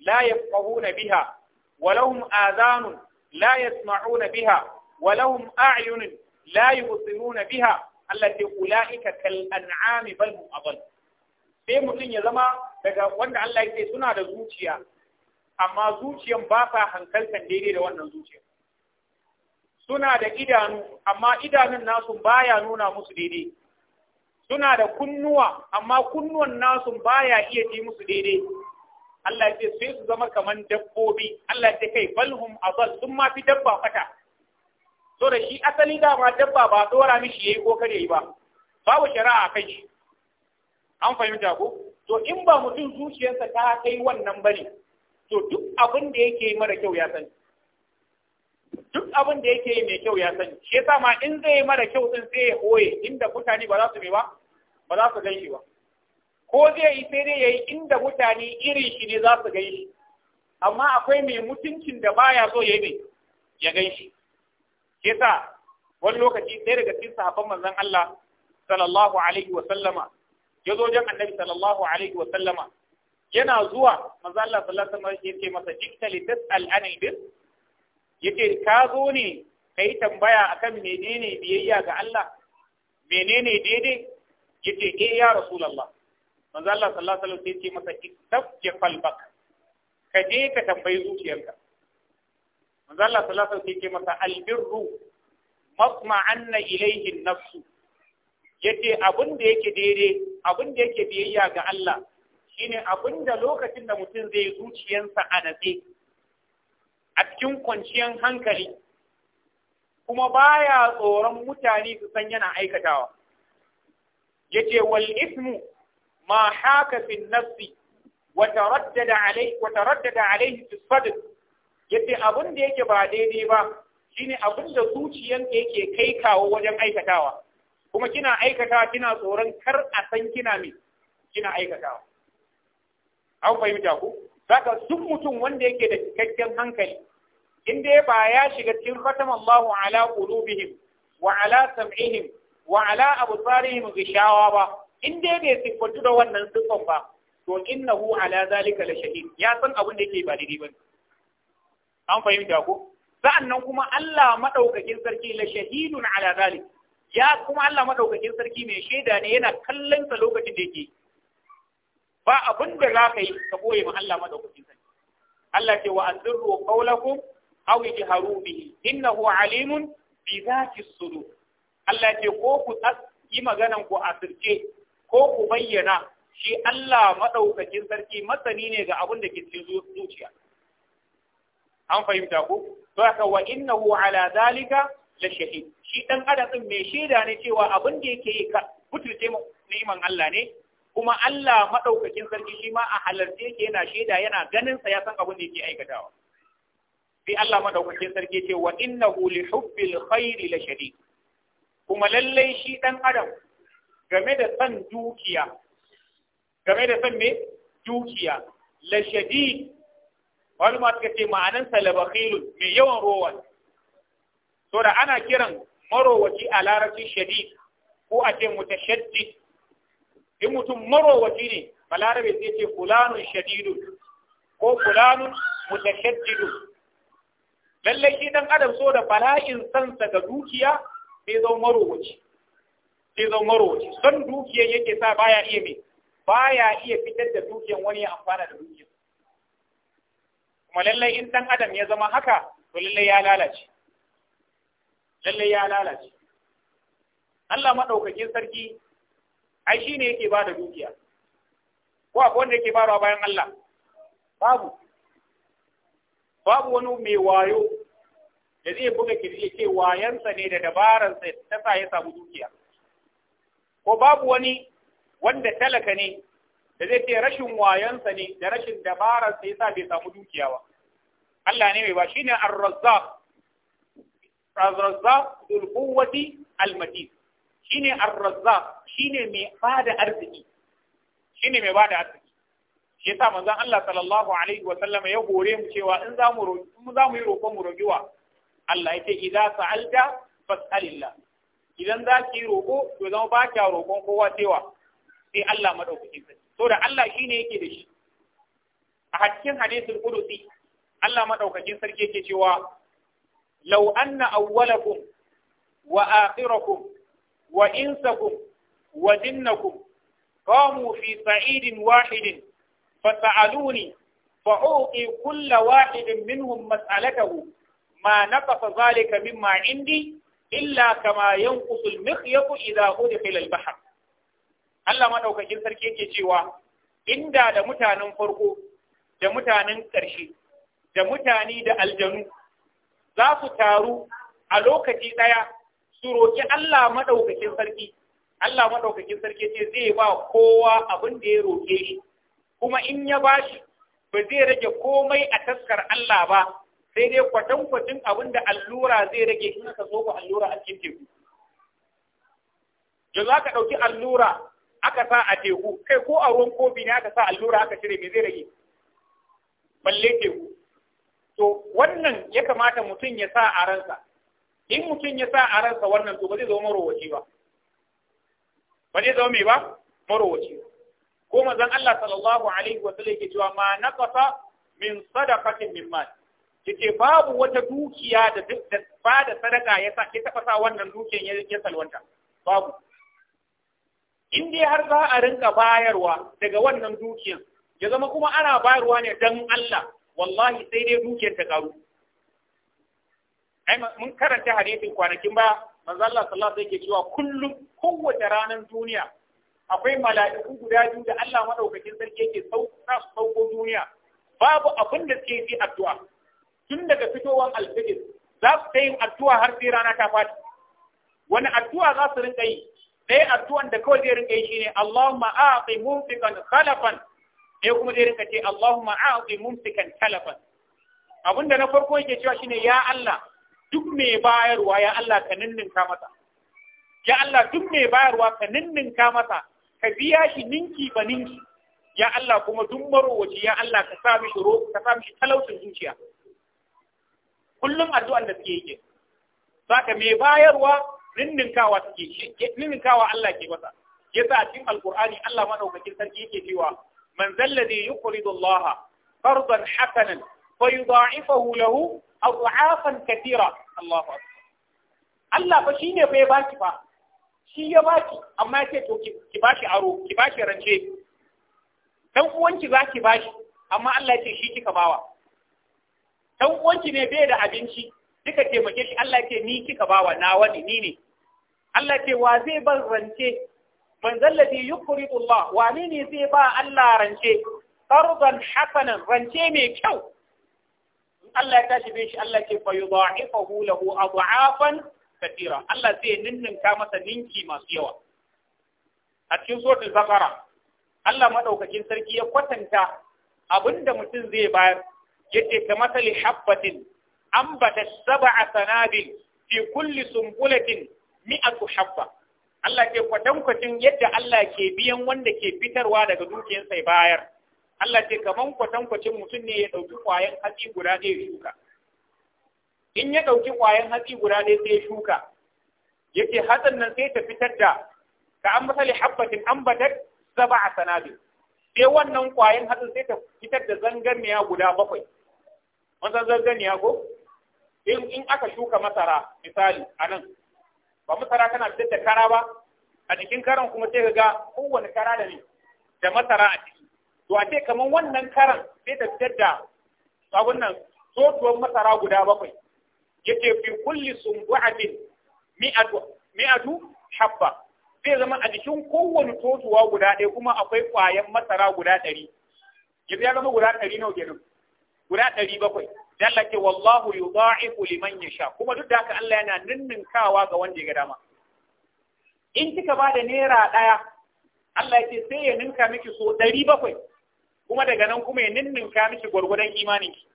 la yafqahuna biha wa lahum adhanun la yasma'una biha wa lahum a'yunun la yubsiruna biha allati ulaika kal an'ami bal hum adall sai mutum ya zama daga wanda Allah yake suna da zuciya amma zuciyan ba sa hankaltan daidai da wannan zuciya suna da idanu amma idanun nasu baya nuna musu daidai suna da kunnuwa amma kunnuwan nasu baya iya ji musu daidai Allah ce sai su zama kaman dabbobi Allah ce kai balhum azal sun ma fi dabba fata to da shi asali ba dabba ba dora mishi yayi ko kare yi ba babu shari'a kai shi an fahimta ko to in ba mutum zuciyarsa ta kai wannan bane to duk abin da yake mara kyau ya sani duk abin da yake yi mai kyau ya sani shi yasa ma in zai yi mara kyau din sai ya koye inda mutane ba za su yi ba ba za su gaishe ba ko zai yi sai dai yayi inda mutane irin shi ne za su gaishe. amma akwai mai mutuncin da baya so yayi mai ya gaishe. ke sa wani lokaci sai daga cikin sahabban manzon Allah sallallahu alaihi wa sallama ya zo jan annabi sallallahu alaihi wa sallama yana zuwa manzon Allah sallallahu alaihi wa sallama yake masa jikta li tasal anil bir yake ka zo ne kai tambaya akan menene biyayya ga Allah menene daidai yace eh ya rasulullah manzo Allah sallallahu alaihi wasallam sai ce masa istafja falbak, ka je ka tambayi zuciyarka manzo Allah sallallahu alaihi wasallam sai ce masa albirru anna ilayhi an-nafs yace abin da yake daidai abin da yake biyayya ga Allah shine abin da lokacin da mutum zai zuciyarsa a natse a cikin kwanciyar hankali kuma baya tsoron mutane su san yana aikatawa yace wal ismu ma haka fi nafsi wa taraddada alai wa taraddada alai fi sadr yace abin da yake ba daidai ba shine abin da zuciyanka yake kai kawo wajen aikatawa kuma kina aikatawa kina tsoron kar a san kina me kina aikatawa an fahimta ku zaka duk mutum wanda yake da cikakken hankali in dai ba ya shiga cikin Allahu ala qulubihim wa ala sam'ihim wa ala abu fi shawa ba in dai bai sifatu da wannan sifan ba to innahu ala zalika la shahid ya san abin da yake ba daidai ba an fahimta ko sa'annan kuma Allah madaukakin sarki la shahidun ala zalik ya kuma Allah madaukakin sarki mai shaida ne yana kallon sa lokacin da yake ba abin da za ka yi ka koyi ma Allah madaukakin sarki Allah ce wa anzuru qawlakum aw ijharu bihi innahu alimun bi dhati sudur Allah ce ko ku yi maganan ku a sirke ko ku bayyana shi Allah maɗaukakin sarki masani ne ga abin da ke cikin zuciya an fahimta ku to haka wa innahu ala zalika la shahid shi dan adam din mai shaida ne cewa abin da yake yi mutunce neman Allah ne kuma Allah maɗaukakin sarki shi ma a halarce yake yana shaida yana ganin sa ya san abin da yake aikatawa sai Allah maɗaukakin sarki ce wa innahu li hubbil khairi la shahid. kuma lallai shi ɗan adam game da san dukiya game da san me dukiya la shadid wani ma suka ce ma'anan salabakhilun mai yawan rowan to da ana kiran marowaci a larabci shadid ko a ce mutashaddid in mutum marowaci ne balarabe sai ce fulanun shadidun ko fulanun mutashaddidun lallai shi dan adam so da bala'in sansa ga dukiya sai zama marowaci sai zama marowaci son dukiyar yake sa baya iya me baya iya fitar da dukiyar wani ya amfana da dukiyar kuma lallai in dan adam ya zama haka to lallai ya lalace lallai ya lalace Allah madaukakin sarki ai shine yake ba da dukiya ko akwai wanda yake barawa bayan Allah babu babu wani mai wayo da zai buga kirji ce wayansa ne da dabararsa ta sa ya samu dukiya ko babu wani wanda talaka ne da zai ce rashin wayansa ne da rashin dabararsa ya sa bai samu dukiya ba Allah ne mai ba shine ar-razzaq ar-razzaq dul quwwati al-matin shine ar-razzaq shine mai bada arziki shine mai bada arziki shi yasa manzon Allah sallallahu alaihi wa sallama ya hore mu cewa in za mu mu za mu yi roƙon mu roƙiwa Allah ya yace idza sa'alta fas'alillah idan za ki roƙo to zama ba kya roƙon kowa cewa sai Allah madaukakin sarki to da Allah shine yake da shi a cikin hadisul qudusi Allah madaukakin sarki yake cewa law anna awwalakum wa akhirakum wa insakum wa jinnakum قاموا في صعيد واحد فسألوني فأعطي كل واحد منهم مسألته ma naqasa zalika mimma indi illa kama yanqusu ya mikhyatu idha udkhila Allah maɗaukakin sarki yake cewa inda da mutanen farko da mutanen ƙarshe da mutane da aljanu za su taru a lokaci ɗaya su roƙi Allah maɗaukakin sarki Allah maɗaukakin sarki ce zai ba kowa abin da ya roƙe shi kuma in ya bashi ba zai rage komai a taskar Allah ba sai dai kwatankwacin abin da allura zai rage in aka ku allura a cikin teku za ka ɗauki allura aka sa a teku kai ko a ruwan kofi ne aka sa allura aka cire me zai rage balle teku to wannan ya kamata mutum ya sa a ransa in mutum ya sa a ransa wannan to ba zai zama marowaci ba ba zai zama mai ba marowaci ko manzon Allah sallallahu alaihi wasallam ke cewa ma naqasa min sadaqatin min mal kike babu wata dukiya da ba da sadaka ya sa ki taɓa sa wannan dukiyan ya salwanta babu in dai har za a rinka bayarwa daga wannan dukiyan ya zama kuma ana bayarwa ne dan Allah wallahi sai dai dukiyar ta karu ai mun karanta hadisin kwanakin ba manzo Allah sallallahu alaihi wasallam cewa kullum kowace ranar duniya akwai mala'iku guda biyu da Allah madaukakin sarki yake sauka su sauko duniya babu abin da suke yi addu'a tun daga fitowar alfijir za su ta yin addu'a har sai rana ta fadi wani addu'a za su rinka yi ɗaya addu'an da kawai zai rinka yi shi shine Allahumma a'ti mumsikan khalafan ɗaya kuma zai rinka ce Allahumma a'ti mumsikan talafan da na farko yake cewa shi ne ya Allah duk mai bayarwa ya Allah ka ninninka masa ya Allah duk mai bayarwa ka ninninka masa ka biya shi ninki ba ninki ya Allah kuma duk marowaci ya Allah ka sa mishi ro ka sa mishi talaucin zuciya kullum addu'an da suke yake saka mai bayarwa rindinkawa suke rindinkawa Allah ke masa yasa a cikin alqur'ani Allah madaukakin sarki yake cewa man yi zalladhi yuqridu Allah qardan hasanan fayudha'ifahu lahu adha'afan katira Allahu akbar Allah fa shine fa ya baki fa shi ya baki amma ya ce to ki bashi aro ki bashi rance dan uwanki za zaki bashi amma Allah ya ce shi kika bawa dan uwanki ne bai da abinci kika taimake shi Allah ce ni kika bawa na wani ni ne Allah ce wa zai ban rance man zallati yuqridu Allah wa ni ne zai ba Allah rance qardan hasanan rance mai kyau Allah ya tashi bai shi Allah ce fa yudha'ifahu lahu adha'afan katira Allah zai ninninka masa ninki masu yawa a cikin suratul zakara, Allah madaukakin sarki ya kwatanta abinda mutum zai bayar yace ka masali habbatin ta sab'a a sanadin fi kulli sumbulatin mi'atu habba Allah ke kwatankwacin yadda Allah ke biyan wanda ke fitarwa daga dukiyarsa ya bayar Allah ce kaman kwatankwacin mutum ne ya ɗauki ƙwayan hatsi guda ɗaya shuka in ya ɗauki ƙwayan hatsi guda ɗaya sai shuka yake hatsin nan sai ta fitar da ka an misali habbatin an batar saba a sanadin. sai wannan ƙwayan hatsin sai ta fitar da zangarniya guda bakwai mun san zarganiya ko in in aka shuka masara misali anan ba masara kana fitar da kara ba a jikin karan kuma sai ka ga kowane kara da ne da masara a ciki to a ce kamar wannan karan sai ta fitar da sabon nan totuwar masara guda bakwai yake fi kulli sumbu'atin mi'atu mi'atu habba zai zama a jikin kowane totuwa guda ɗaya kuma akwai ƙwayan masara guda ɗari yanzu ya zama guda ɗari nawa kenan guda ɗari bakwai dallake wallahu wallahu yudha'ifu liman yasha kuma duk da haka Allah yana ninninkawa ga wanda ya ga dama in kika ba da naira ɗaya Allah ya ce sai ya ninka miki so ɗari bakwai kuma daga nan kuma ya ninninka miki gwargwadon imaninki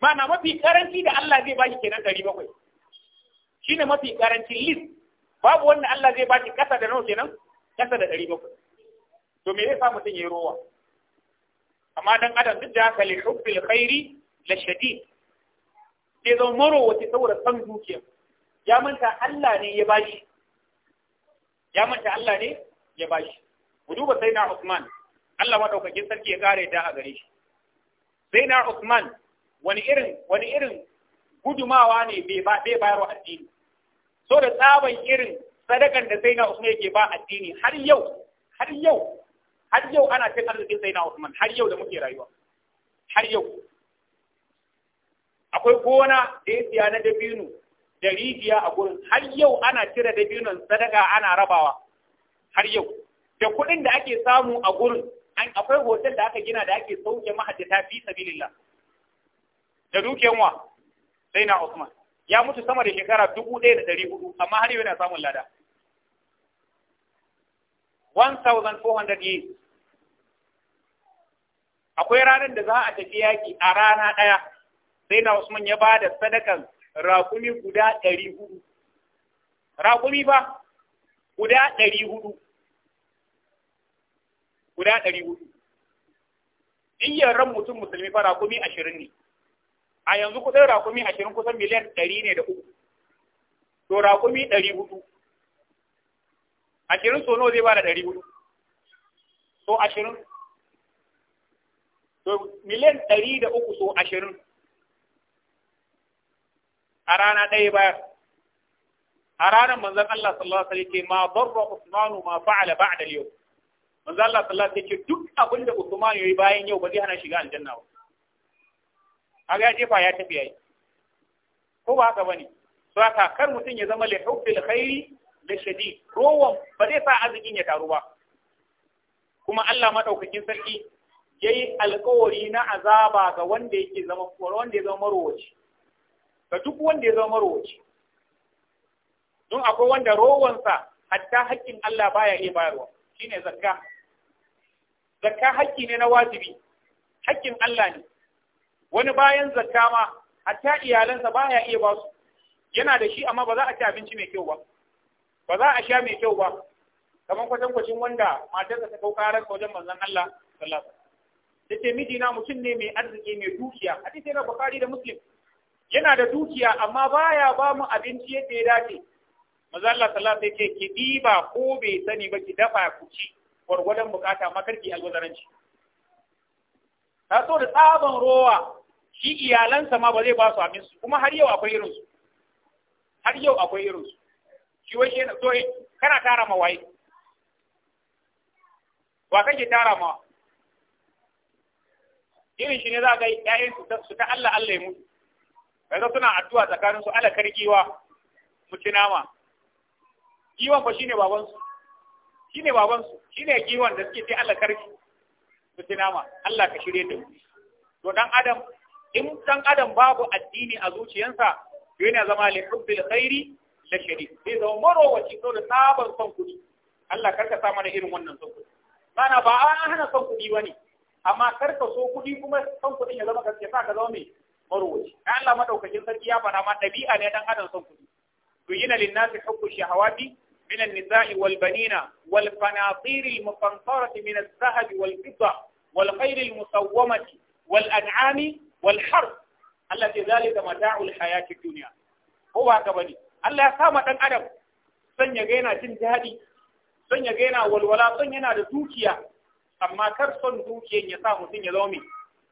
mana mafi karanci da Allah zai baki kenan ɗari bakwai ne mafi karanci list babu wanda Allah zai baki ƙasa da nawa kenan ƙasa da ɗari bakwai to me zai sa mutum ya yi rowa amma dan adam duk da haka li hubbil khairi la shadid sai wa ta saura san dukiya ya manta Allah ne ya bashi ya manta Allah ne ya bashi ku duba sai na Usman Allah madaukakin sarki ya kare da a gare shi sai na Usman wani irin wani irin gudumawa ne bai ba bai bayarwa addini so da tsaban irin sadakan da sai na Usman yake ba addini har yau har yau har yau ana cin arzikin sai na Usman har yau da muke rayuwa har yau akwai gona da ya siya na dabino da rijiya a gurin har yau ana cire dabinon sadaka ana rabawa har yau da kuɗin da ake samu a gurin akwai hotel da aka gina da ake sauke mahajjata fi sabilillah da dukiyan wa sai na Usman ya mutu sama da shekara dubu ɗaya da ɗari hudu amma har yau yana samun lada 1400 years akwai ranar da za a tafi yaki a rana ɗaya sai na Usman ya ba da sadakan raƙumi guda ɗari hudu raƙumi ba guda ɗari hudu guda ɗari hudu diyyar ran mutum musulmi fa raƙumi ashirin ne a yanzu kusan raƙumi ashirin kusan miliyan ɗari ne da uku to raƙumi ɗari hudu ashirin so nawa zai ba da ɗari hudu so ashirin to miliyan ɗari da uku so ashirin a rana ɗaya bayar a ranar manzon Allah sallallahu alaihi wasallam ce ma Barba Usmanu ma fa'ala ba a yau manzon Allah sallallahu alaihi wasallam ce duk abin da ya yi bayan yau ba zai hana shiga aljanna ba aga ya jefa ya tafi yayi ko ba haka bane so haka kar mutum ya zama li hubbil khairi da shadid rowan ba zai sa arzikin ya taru ba kuma Allah madaukakin sarki yayi alkawari na azaba ga wanda yake zama wanda ya zama marowaci ga duk wanda ya zama marowaci don akwai wanda rowansa hatta haƙƙin Allah baya iya bayarwa shine zakka zakka haƙƙi ne na wajibi haƙƙin Allah ne wani bayan zakka ma hatta iyalansa baya iya ba su yana da shi amma ba za a ci abinci mai kyau ba ba za a sha mai kyau ba kamar kwatankwacin wanda matarsa ta kau karar wajen manzon Allah sallallahu da ce mijina mutum ne mai arziki mai dukiya hadisi na bukari da muslim yana da dukiya amma baya ba mu abinci yadda ya dace maza Allah sallallahu alaihi wasallam ki diba ko bai sani ba ki dafa ku ci gwargwadon bukata karki alwazaranci ta da tsaban rowa shi iyalansa ma ba zai ba su abin su kuma har yau akwai irin su har yau akwai irin su shi wai shi so eh, kana tara ma waye wa kake tara ma irin shi ne za ga ƴaƴan su ta Allah Allah ya mutu kaga suna addu'a tsakanin su ala kargiwa mutu nama giwan fa shine baban su shine baban su shine giwan da suke ce Allah kargi mutu nama Allah ka shirye da to dan adam in dan adam babu addini a zuciyarsa yana zama li hubbil khairi la shadid sai zama marowaci to da sabon son kuɗi Allah karka sa mana irin wannan son kuɗi mana ba an hana son kuɗi bane Ama kar ka kuɗi kuma son kuɗin ya zama gaske sa ka zama mai marwaci ai Allah maɗaukacin sarki ya fara ma dabi'a ne dan adam son kuɗi tuyina lin nasi hukku shahawati min an-nisa'i wal banina wal qanatiri muqantarati min adh-dhahabi wal fidda wal khayri al musawwamati wal an'ami wal harb allati dhalika mata'u al hayati ad-dunya bani Allah ya sa ɗan adam son ya ga yana jin daɗi son ya yana walwala son yana da dukiya amma kar son dukiyan ya sa mutum ya zama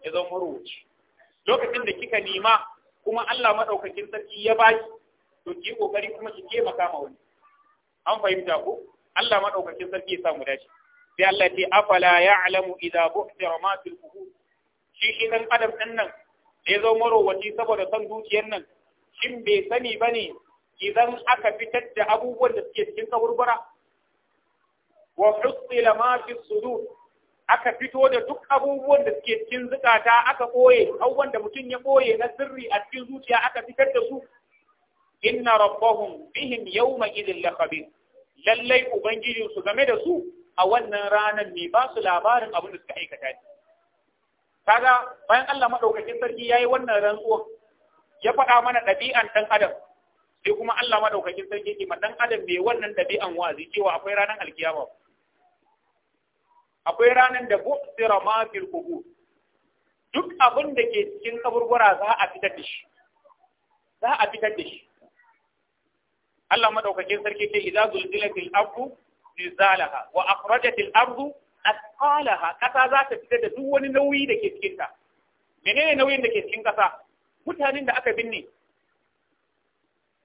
ya zama marubuci lokacin da kika nima kuma Allah madaukakin sarki ya baki to ki kokari kuma ki ke ma wani an fahimta ko Allah madaukakin sarki ya samu dace sai Allah ya ce afala ya'lamu idza bu'thira ma fil qubur shi shi dan adam din nan da ya zo wati saboda son dukiyar nan shin bai sani bane idan aka fitar da abubuwan da suke cikin kaburbara wa husila ma fi sudur aka fito da duk abubuwan da suke cikin zukata aka koye abubuwan da mutum ya koye na sirri a cikin zuciya aka fitar da su inna rabbahum bihim yawma idin la khabir lallai ubangijin su game da su a wannan ranar ne ba su labarin abin da suka aikata ne kaga bayan Allah madaukakin sarki yayi wannan rantsuwa ya faɗa mana ɗabi'an ɗan adam sai kuma Allah madaukakin sarki ke ma ɗan adam mai wannan ɗabi'an wa'azi cewa akwai ranar alkiyama akwai ranar da bu'sira ma fil qubur duk abin da ke cikin kaburbura za a fitar da shi za a fitar da shi Allah madaukakin sarki ce idza zulzilatil ardu zilzalaha wa al ardu asqalaha kasa za ta fitar da duk wani nauyi da ke cikin ta menene nauyin da ke cikin kasa mutanen da aka binne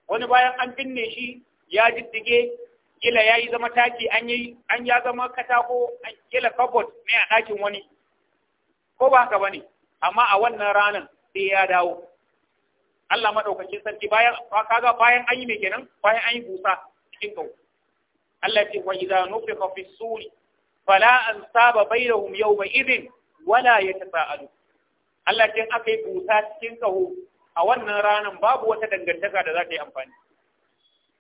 wani bayan an binne shi ya jiddige kila ya yi zama taki an yi an ya zama katako an kila kabot ne a ɗakin wani ko ba haka bane amma a wannan ranar sai ya dawo Allah madaukakin sarki bayan kaga bayan an yi me kenan bayan an yi busa cikin kawo Allah ce wa idza nufiqa fi suri fala ansaba bainahum yawma idhin wala yatasaalu Allah ce aka yi busa cikin kawo a wannan ranar babu wata dangantaka da za ta yi amfani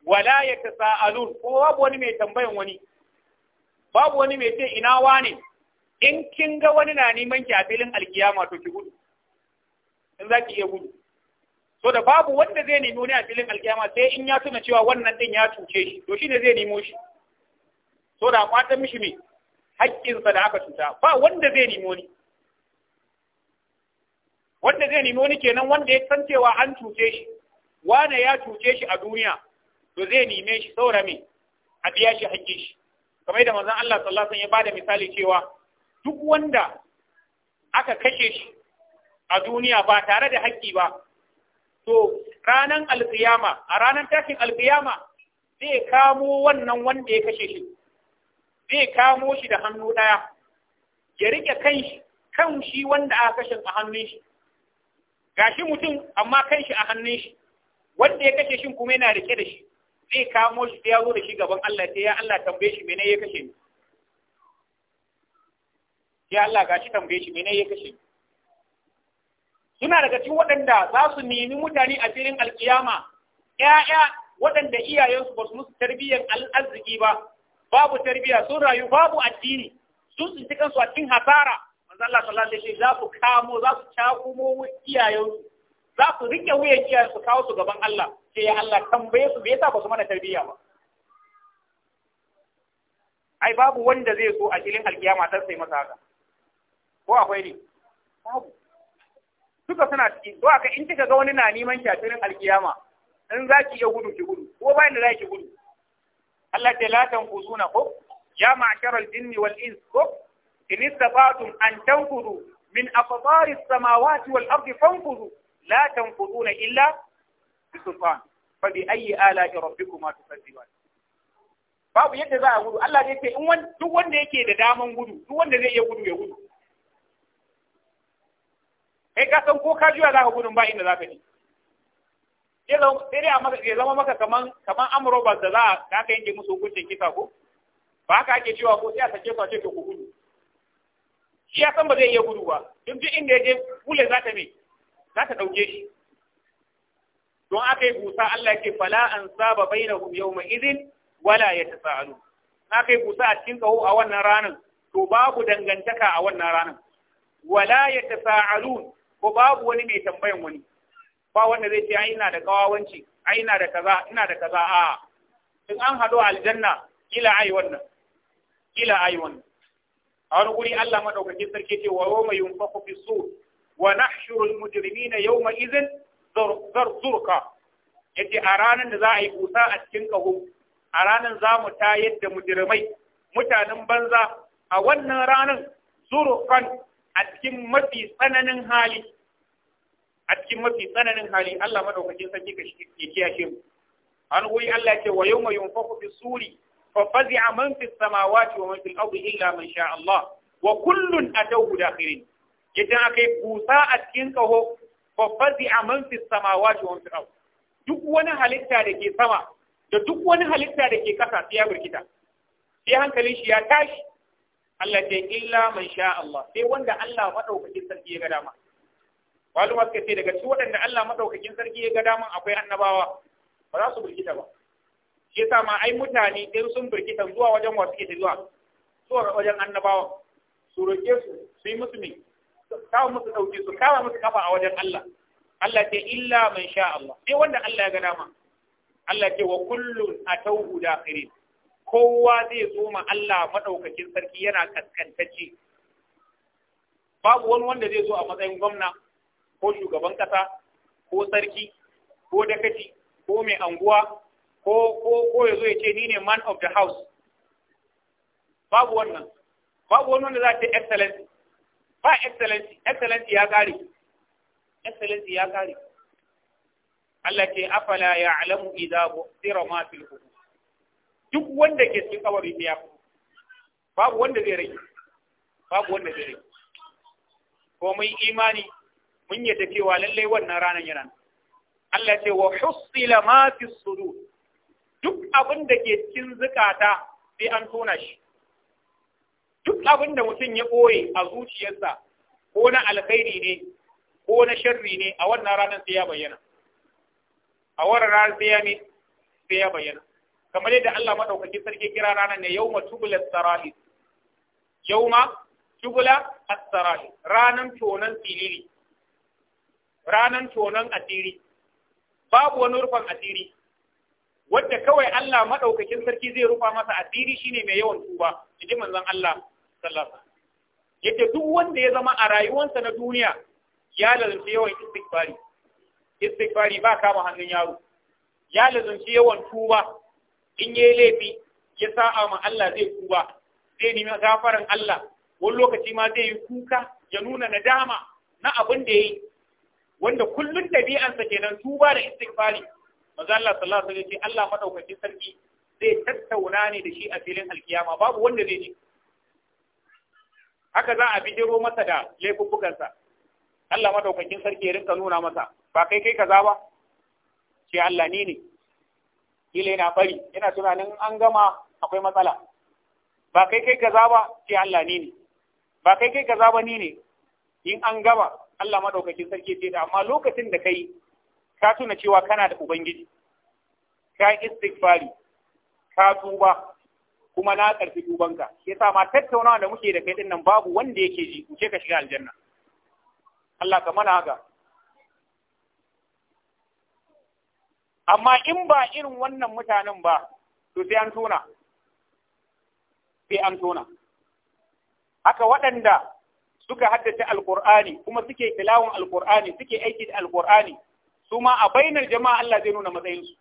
wala ya tasa'alun Kuma babu wani mai tambayan wani babu wani mai ce ina wani in kin ga wani na neman ki a filin alkiyama to ki gudu in za ki iya gudu so da babu wanda zai nemi wani a filin alkiyama sai in ya tuna cewa wannan din ya cuce shi to shi ne zai nemo shi so da kwata mishi mai haƙƙinsa da aka cuta ba wanda zai nemi wani wanda zai nemi wani kenan wanda ya san cewa an cuce shi wane ya cuce shi a duniya to zai nime shi saura me a biya shi hakki shi kamar da manzon Allah sallallahu alaihi wasallam ya bada misali cewa duk wanda aka kashe shi a duniya ba tare da hakki ba to ranan alkiyama a ranan tashin alkiyama zai kamo wannan wanda ya kashe shi zai kamo shi da hannu ɗaya ya rike kan shi kan shi wanda aka kashe a hannun shi gashi mutum amma kan shi a hannun shi wanda ya kashe shi kuma yana rike da shi zai kamo shi ya zo da shi gaban Allah sai ya Allah tambaye shi mene ya kashe ni ya Allah shi tambaye shi mene ya kashe ni suna daga cikin waɗanda za su nemi mutane a filin alkiyama ‘ya'ya waɗanda iyayensu ba su musu tarbiyyar arziki ba babu tarbiyya sun rayu babu addini sun tsinci kansu a cikin hasara manzo Allah sallallahu alaihi wasallam za su kamo za su cakumo iyayensu za su riƙe wuyan iyaye su kawo su gaban Allah ce ya Allah tambaye su me yasa ba su mana tarbiyya ba ai babu wanda zai so a filin alkiyama dan sai masa haka ko akwai ne babu duka suna ciki to aka in kika ga wani na neman shi a filin alkiyama in za ki iya gudu ki gudu ko bayan da za ki gudu Allah ta la tanfuzuna ko ya ma'sharal jinni wal ins ko in istata'tum an tanfudu min aqtari as-samawati wal ardi fanfudu la tanquduna illa bi sultan fa bi ayyi ala'i rabbikuma tukadziban babu yadda za a gudu Allah zai ce in duk wanda yake da daman gudu duk wanda zai iya gudu ya gudu kai ka san ko ka juya za ka gudun ba inda za ka je sai dai ya zama maka kaman kaman amurobas da za a ka yanke musu hukuncin kisa ko ba haka ake cewa ko sai a sake su a ce ku gudu shi ya san ba zai iya gudu ba duk duk inda ya je kule za ta me za ta ɗauke shi don aka yi busa Allah ke fala an saba bainahum yawma izin wala yatasaalu aka yi busa a cikin kaho a wannan ranar to babu dangantaka a wannan ranar wala yatasaalun ko babu wani mai tambayan wani ba wanda zai ce ai ina da kawawanci ai ina da kaza ina da kaza a in an hado aljanna ila ai wannan ila ai wannan a wani guri Allah madaukakin sarki ce wa yawma ku fi sur wa nahshuru al na yawma idhin zarzurqa yace a ranar da za a yi kusa a cikin kaho a ranar za mu tayar da mujrimai mutanen banza a wannan ranar zurqan a cikin mafi tsananin hali a cikin mafi tsananin hali Allah madaukakin sarki ka shi kiyashe mu an goyi Allah ce wa yawma yunfaku fi suri fa fazi'a man fi samawati wa man fil ardi illa man sha Allah wa kullun atawhu dakhirin idan aka yi kusa a cikin kaho faffazi a man fi samawati wa fil duk wani halitta da ke sama da duk wani halitta da ke kasa sai ya burkita sai hankalin shi ya tashi Allah ce illa man sha Allah sai wanda Allah madaukakin sarki ya ga dama maluma suka ce daga cikin waɗanda Allah madaukakin sarki ya ga dama akwai annabawa ba za su burkita ba shi yasa ma ai mutane din sun burkita zuwa wajen wasu ke zuwa zuwa wajen annabawa su roke su su yi musu kawo musu dauki su kawo musu kafa a wajen Allah Allah ce illa man sha Allah sai wanda Allah ya ga dama Allah ce wa kullun atawhu dakhirin kowa zai zo ma Allah madaukakin sarki yana kaskantacce babu wani wanda zai zo a matsayin gwamna ko shugaban kasa ko sarki ko dakaci ko mai anguwa ko ko ko yazo ya ce ni ne man of the house babu wannan babu wani wanda za ta excellence ba excellency excellency ya kare excellency ya kare Allah ce afala alamu idza bu'thira ma fil qubur duk wanda ke cikin kabari ne ya babu wanda zai rage babu wanda zai rage ko mun imani mun yadda cewa lallai wannan ranar yana Allah ce wa husila ma fi sudur duk abin da ke cikin zukata sai an tona shi duk abin da mutum ya ɓoye a zuciyarsa ko na alkhairi ne ko na sharri ne a wannan ranar sai ya bayyana a wannan ranar sai ya ne sai ya bayyana kamar yadda Allah madaukaki sarki kira ranar ne yawma tubula sarahi yawma tubula sarahi ranan tonan tiliri ranan tonan asiri babu wani rufan asiri wadda kawai Allah madaukakin sarki zai rufa masa asiri shine mai yawan tuba inji manzon Allah sallallahu alaihi yace duk wanda ya zama a rayuwarsa na duniya ya lazumci yawan istighfari istighfari ba kama hannun yaro ya lazumci yawan tuba in yayi laifi ya sa'a ma Allah zai tuba zai nemi gafaran Allah wani lokaci ma zai yi kuka ya nuna nadama na abin da ya yi wanda kullum ɗabi'ansa kenan tuba da istighfari manzo Allah sallallahu alaihi wasallam Allah madaukakin sarki zai tattauna ne da shi a filin alkiyama babu wanda zai ji haka za a bijiro masa da sa. Allah madaukakin sarki ya rinka nuna masa ba kai kai kaza ba ce Allah ni ne kila yana bari yana tunanin an gama akwai matsala ba kai kai kaza ba ce Allah ni ne ba kai kai kaza ba ni ne in an gama Allah madaukakin sarki ce da amma lokacin da kai ka tuna cewa kana da ubangiji ka istighfari ka tuba kuma na karfi tubanka Ya yasa ma tattaunawa da muke da kai nan babu wanda yake ji kuke ka shiga aljanna Allah ka mana haka amma in ba irin wannan mutanen ba to sai an tona sai an tona haka waɗanda suka haddace alkur'ani kuma suke tilawon alkur'ani suke aiki da alkur'ani su ma a bainar jama'a Allah zai nuna matsayinsu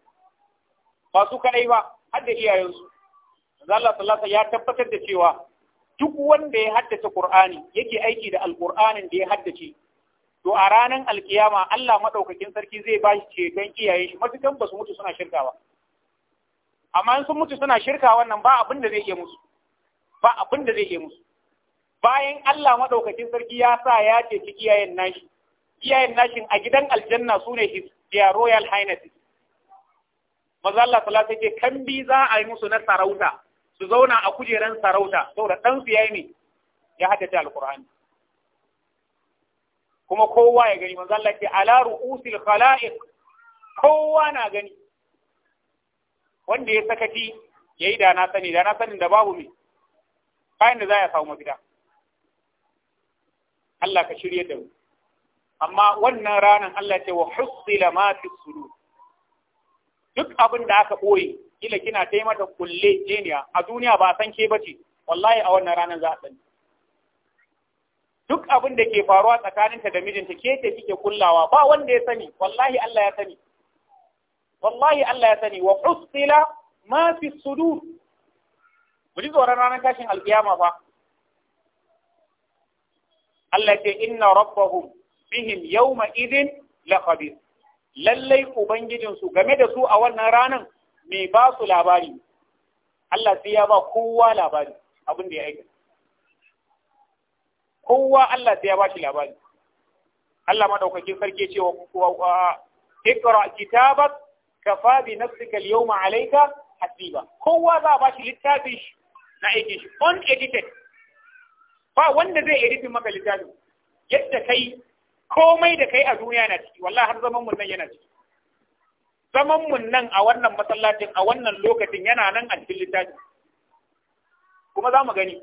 ba su kadai ba har da iyayensu Allah sallallahu ya tabbatar da cewa duk wanda ya haddace Qur'ani yake aiki da Alƙur'anin da ya haddace to a ranar alkiyama Allah madaukakin sarki zai ba shi ceton iyaye shi matukan ba su mutu suna shirka ba amma in sun mutu suna shirka wannan ba abin da zai iya musu ba abin da zai iya musu bayan Allah madaukakin sarki ya sa ya ceci iyayen nashi iyayen nashin a gidan aljanna su ne ya royal highness maza Allah ta ke kan bi za a yi musu na sarauta su zauna a kujeran sarauta saboda ɗan su yi ne ya haddace alqur'ani kuma kowa ya gani manzo Allah ce ala ru'usil khala'iq kowa na gani wanda ya sakaci yi da na sani da na sani da babu me bayan da za ya samu mafita Allah ka shirye da mu amma wannan ranar Allah ce wa hussila ma fi sudur duk abin da aka boye kila kina tai mata kulle jeniya a duniya ba san ke bace wallahi a wannan ranar za a duk abin da ke faruwa tsakaninta da mijinta ke ce kike kullawa ba wanda ya sani wallahi Allah ya sani wallahi Allah ya sani wa hussila ma fi sudur mu ji tsoron ranar tashin alkiyama fa Allah ce inna rabbahum bihim yawma idin la lallai ubangijin su game da su a wannan ranan mai ba su labari Allah sai ya ba kowa labari abin da ya aika kowa Allah sai ya ba shi labari Allah madaukakin sarki ce wa ikra kitabak kafa bi nafsika al-yawma alayka hasiba kowa za ba shi littafin shi na aikin shi unedited ba wanda zai edit maka littafin yadda kai komai da kai a duniya na ciki wallahi har zaman mun nan yana ciki zaman mun nan a wannan masallacin a wannan lokacin yana nan a cikin littafi kuma za mu gani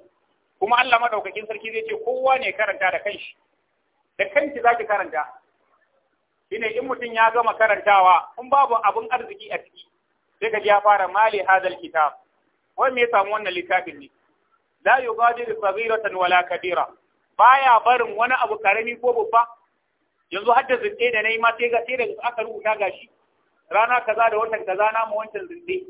kuma Allah madaukakin sarki zai ce kowa ne karanta da kanshi da kanki zaki karanta shine in mutum ya gama karantawa in babu abin arziki a ciki sai ka ya fara mali hadal kitab wai me ya samu wannan littafin ne la yugadiru saghiratan wala kabira baya barin wani abu karami ko babba yanzu har da zinde da nai ma sai ga sai da aka rubuta gashi rana kaza da watan kaza na mu wancan zinde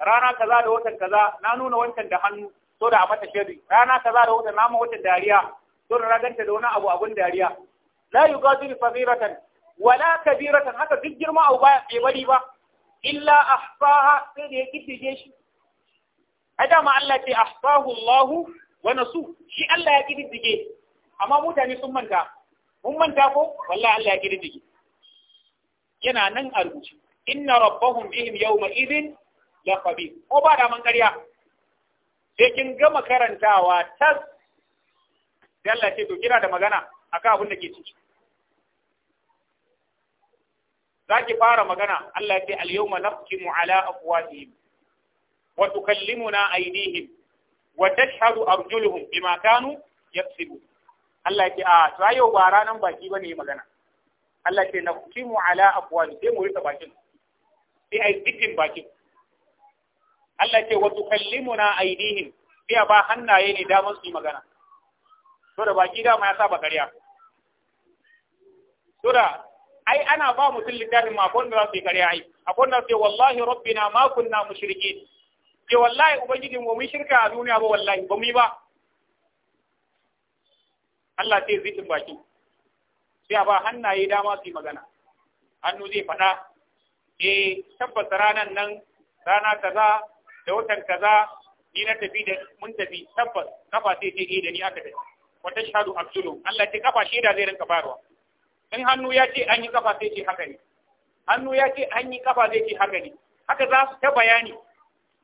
rana kaza da watan kaza na nuna wancan da hannu so da a mata shari rana kaza da watan na mu watan dariya so da raganta da wani abu abun dariya la yuqadiru faziratan wala kabiratan haka duk girma au ba bai bari ba illa ahsaha sai da ya kidige shi ma Allah ke ahsahu Allah wa nasu shi Allah ya kididdige amma mutane sun manta mun manta ko wallahi Allah ya kirdige yana nan a rubuce inna rabbahum bihim yawma idin la khabir ko ba da man ƙarya sai kin gama karantawa tas sai Allah ce to kira da magana akan abin da ke ciki zaki fara magana Allah ya ce al-yawma nafkimu ala afwahihim wa tukallimuna aydihim wa tashhadu arjuluhum bima kanu yaksibun Allah ce a ah, to ayo ba ranan baki bane magana Allah ce na kutimu ala afwali sai mu rika bakin sai ai bitin bakin Allah ce wa tukallimuna aydihim sai ba hannaye ne damar su yi magana to da baki dama ya saba karya. to da ai ana ba mutum littafin ma akwai da za su yi karya ai akwai da su yi wallahi rabbina ma kunna mushrikin ke wallahi ubangijin mu mun shirka a duniya ba wallahi ba mu yi ba Allah sai zikin baki sai a ba hannaye dama su yi magana hannu zai faɗa eh tabbas ranan nan rana kaza da watan kaza ni na tafi da mun tafi tabbas kafa sai ce eh da ni aka tafi wata shahadu absolu Allah ce kafa sheda zai rinka barwa in hannu ya ce an yi kafa sai ce haka ne hannu ya ce an yi kafa zai ce haka ne haka za su ta bayani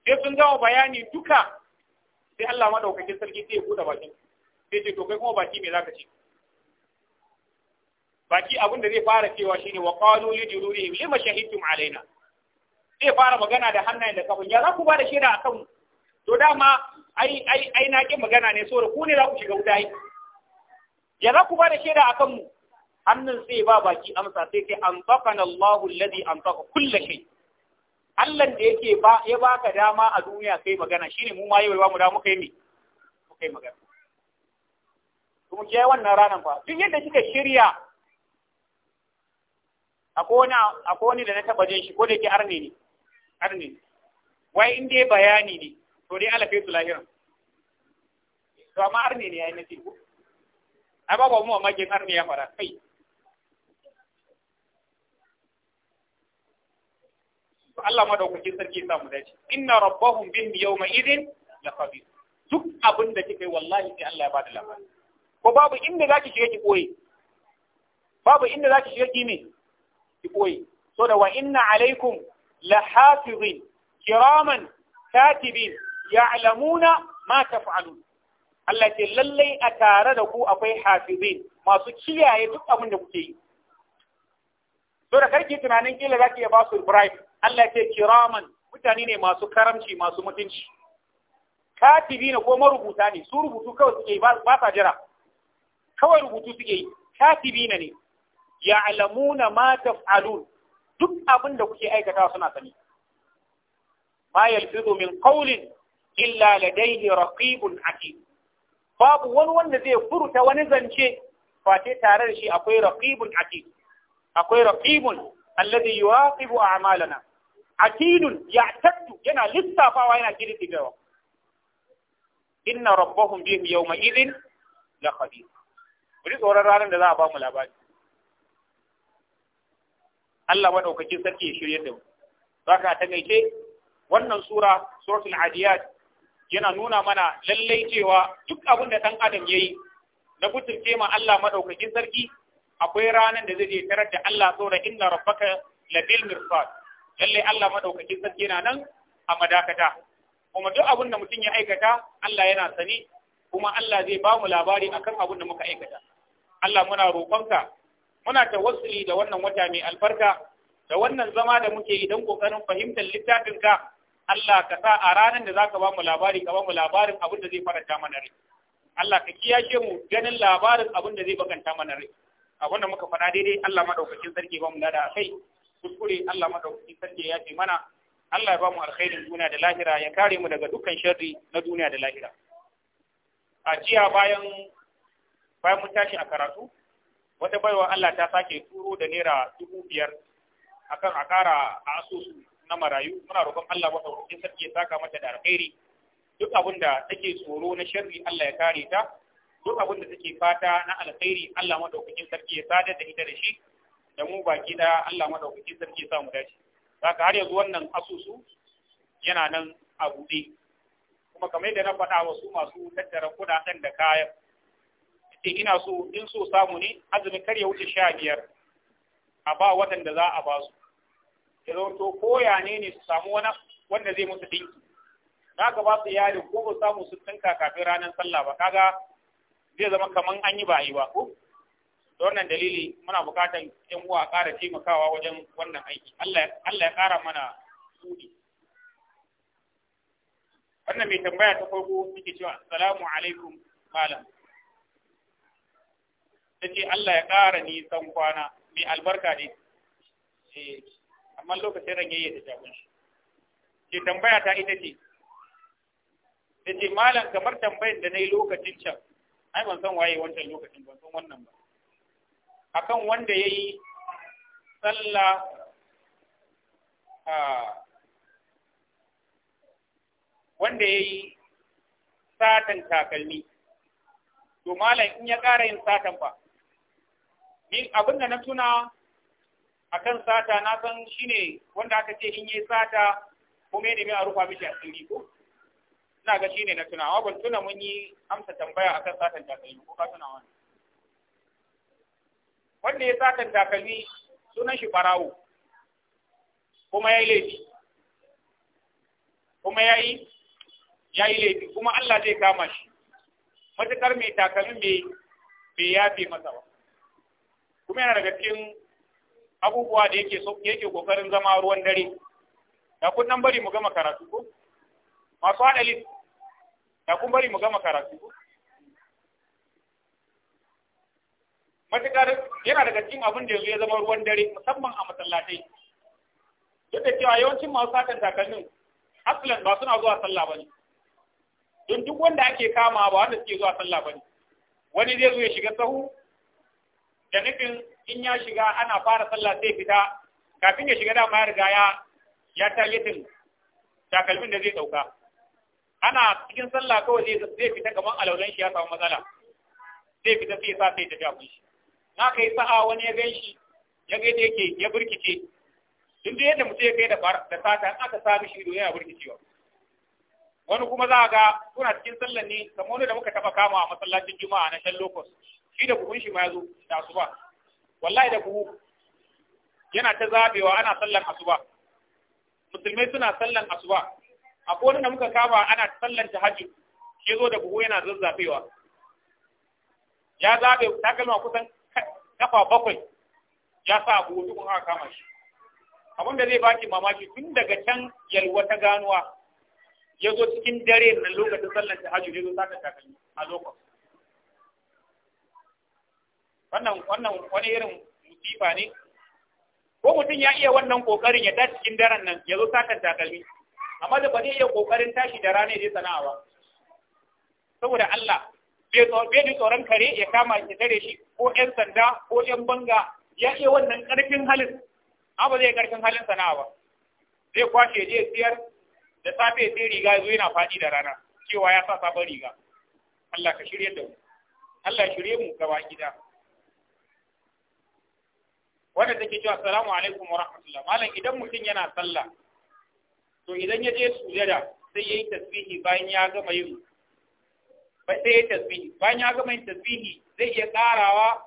sai sun gama bayani duka sai Allah madaukakin sarki sai ya bude bakin sai ce to kai kuma baki me zaka ce baki abin da zai fara cewa shine wa qalu li jururihi lima shahidtum alaina zai fara magana da hannayen da kafin ya za ku ba da shaida akan to dama ai ai ai na ki magana ne saboda ku ne za ku shiga wuta ya za ku ba da shaida akan mu hannun sai ba baki amsa sai sai an tsakana Allahu alladhi an tsaka kulla shay Allah da yake ba ya baka dama a duniya kai magana shine mu ma yau ba mu da muka yi ne muka yi magana kuma kiyaye wannan ranar fa duk yadda kika shirya akwai wani da na taba jin shi ko da yake arne ne arne ne wai inda dai bayani ne to dai alafe su lahiran to amma arne ne yayin nasi ai ba ba mu amma kin arne ya fara kai Allah ma madaukakin sarki ya samu dace inna rabbahum bihim yawma idin laqabir duk abin da kika yi wallahi sai Allah ya bada labari ko babu inda ki shiga ki koyi babu inda ki shiga ki me ki koyi so da wa inna alaikum hafizin kiraman katibin ya'lamuna ma taf'alun Allah ce lallai a tare da ku akwai hafizin masu kiyaye duk abin da kuke yi so da karki tunanin kila za ya ba su bribe Allah ce kiraman mutane ne masu karamci masu mutunci katibi ne ko marubuta ne su rubutu kawai suke ba jira kawai rubutu suke yi na ne na ma taf'alun duk abin da kuke aikata suna sani ma yalfizu min qawlin illa ladayhi raqibun atid babu wani wanda zai furta wani zance face tare da shi akwai raqibun atid akwai raqibun alladhi yuwaqibu a'malana atidun ya'taddu yana lissafawa yana kididdigawa inna rabbahum bihim yawma idhin la khabir Mu ji tsoron ranar da za a ba mu labari Allah maɗaukakin sarki ya shirye da mu ka a takaice wannan sura suratul adiyat yana nuna mana lallai cewa duk abin da ɗan adam ya yi. na butulce ma Allah maɗaukakin sarki akwai ranar da zai je tarar da Allah saboda inna rabbaka labil mirsad Lallai Allah maɗaukakin sarki yana nan a madakata kuma duk abin da mutum ya aikata Allah yana sani kuma Allah zai ba mu labari akan abin da muka aikata Allah muna roƙonka muna ta tawassuli da wannan wata mai albarka da wannan zama da muke idan kokarin fahimtar littafinka Allah ka sa a ranar da zaka ba mu labari ka ba mu labarin abin da zai faranta mana rai Allah ka kiyaye mu ganin labarin abin da zai bakanta mana rai abin da muka faɗa daidai Allah madaukakin sarki ba mu lada kai kuskure Allah madaukakin sarki ya ce mana Allah ya ba mu alkhairin duniya da lahira ya kare mu daga dukkan sharri na duniya da lahira a jiya bayan bayan mun tashi a karatu wata baiwa Allah ta sake turo da naira dubu biyar akan a kara a asusu na marayu muna roƙon Allah wata rukun sarki ya saka mata da alkhairi duk abin da take tsoro na sharri Allah ya kare ta duk abin da take fata na alkhairi Allah madaukakin sarki ya sadar da ita da shi da mu baki da Allah madaukakin sarki ya sa mu dace saka har yanzu wannan asusu yana nan a buɗe kuma kamar yadda na faɗa wasu masu tattara kuɗaɗen da kayan ke ina so in so samu ne azumi kar ya wuce sha biyar a ba waɗanda za a ba su ya ko koya ne ne su samu wani wanda zai musu ɗinki na ka ba su yari ko ba samu su tsinka kafin ranar sallah ba kaga zai zama kamar an yi ba yi ba ko da wannan dalili muna buƙatar yan uwa ƙara taimakawa wajen wannan aiki Allah ya ƙara mana buɗi wannan mai tambaya ta farko suke cewa assalamu alaikum malam ta ce Allah ya ƙara nisan kwana mai albarka ne eh, amma lokacin rage ya ta shi ce tambaya ta ita ce ta ce malam kamar tambayin da na yi lokacin can ai ban san waye wancan lokacin ban san wannan ba akan wanda ya yi sallah wanda ya yi satan takalmi to malam in ya ƙara yin satan fa ni abin da na tuna a kan sata na san shi ne wanda aka ce in yi sata kuma yadda mai a rufa mishi tsiri ko suna ga shi ne na tuna amma ban tuna mun yi amsa tambaya a kan satan takalmi ko ka tuna wani wanda ya satan takalmi sunan shi farawo kuma ya yi laifi kuma ya yi ya yi laifi kuma Allah zai kama shi matuƙar mai takalmi mai bai yafe masa ba kuma yana daga cikin abubuwa da yake yake kokarin zama ruwan dare da kun nan bari mu gama karatu ko masu hadali da kun bari mu gama karatu ko matukar yana daga cikin abin da yanzu ya zama ruwan dare musamman a masallatai duk da cewa yawancin masu satan takalmin aslan ba suna zuwa sallah bane don duk wanda ake kama ba wanda suke zuwa sallah bane wani zai zo ya shiga sahu da nufin in ya shiga ana fara sallah sai fita kafin ya shiga dama ya riga ya ya targetin takalmin da zai dauka ana cikin sallah kawai zai zai fita kaman alaulan shi ya samu matsala zai fita sai sa sai tafi abun shi na kai sa'a wani ya gan shi ya ga yadda yake ya burkice Tun da yadda mutum ya kai da da sata in aka sa mishi ido yana burkicewa wani kuma za ga kuna cikin sallah ne kamar wani da muka taba kama a masallacin juma'a na shan lokos shi da buhun shi ma yazo da asuba wallahi da buhu yana ta zabewa ana sallan asuba musulmai suna sallan asuba A ko wanda muka kama ana sallan tahajjud shi zo da buhu yana zazzafewa ya zabe takalma kusan kafa bakwai ya sa abu duk aka kama shi abin da zai baki mamaki tun daga can yalwa ta ganuwa ya zo cikin dare na lokacin sallan tahajjud ya zo saka takalmi a lokacin wannan wannan wani irin musifa ne ko mutum ya iya wannan kokarin ya tashi cikin daren nan ya zo sakan takalmi amma da ba zai iya kokarin tashi da rana ya sana'a ba saboda Allah bai ji tsoron kare ya kama ya tare shi ko 'yan sanda ko 'yan banga ya iya wannan karfin halin amma zai karfin halin sana'a ba zai kwashe je siyar da safe sai riga zo yana faɗi da rana cewa ya sa sabon riga Allah ka shirye da mu Allah shirye mu gaba gida wanda take cewa assalamu alaikum wa rahmatullah malam idan mutum yana sallah to idan ya je sujada sai yayi tasbihi bayan ya gama yin sai yayi tasbihi bayan ya gama yin tasbihi zai iya karawa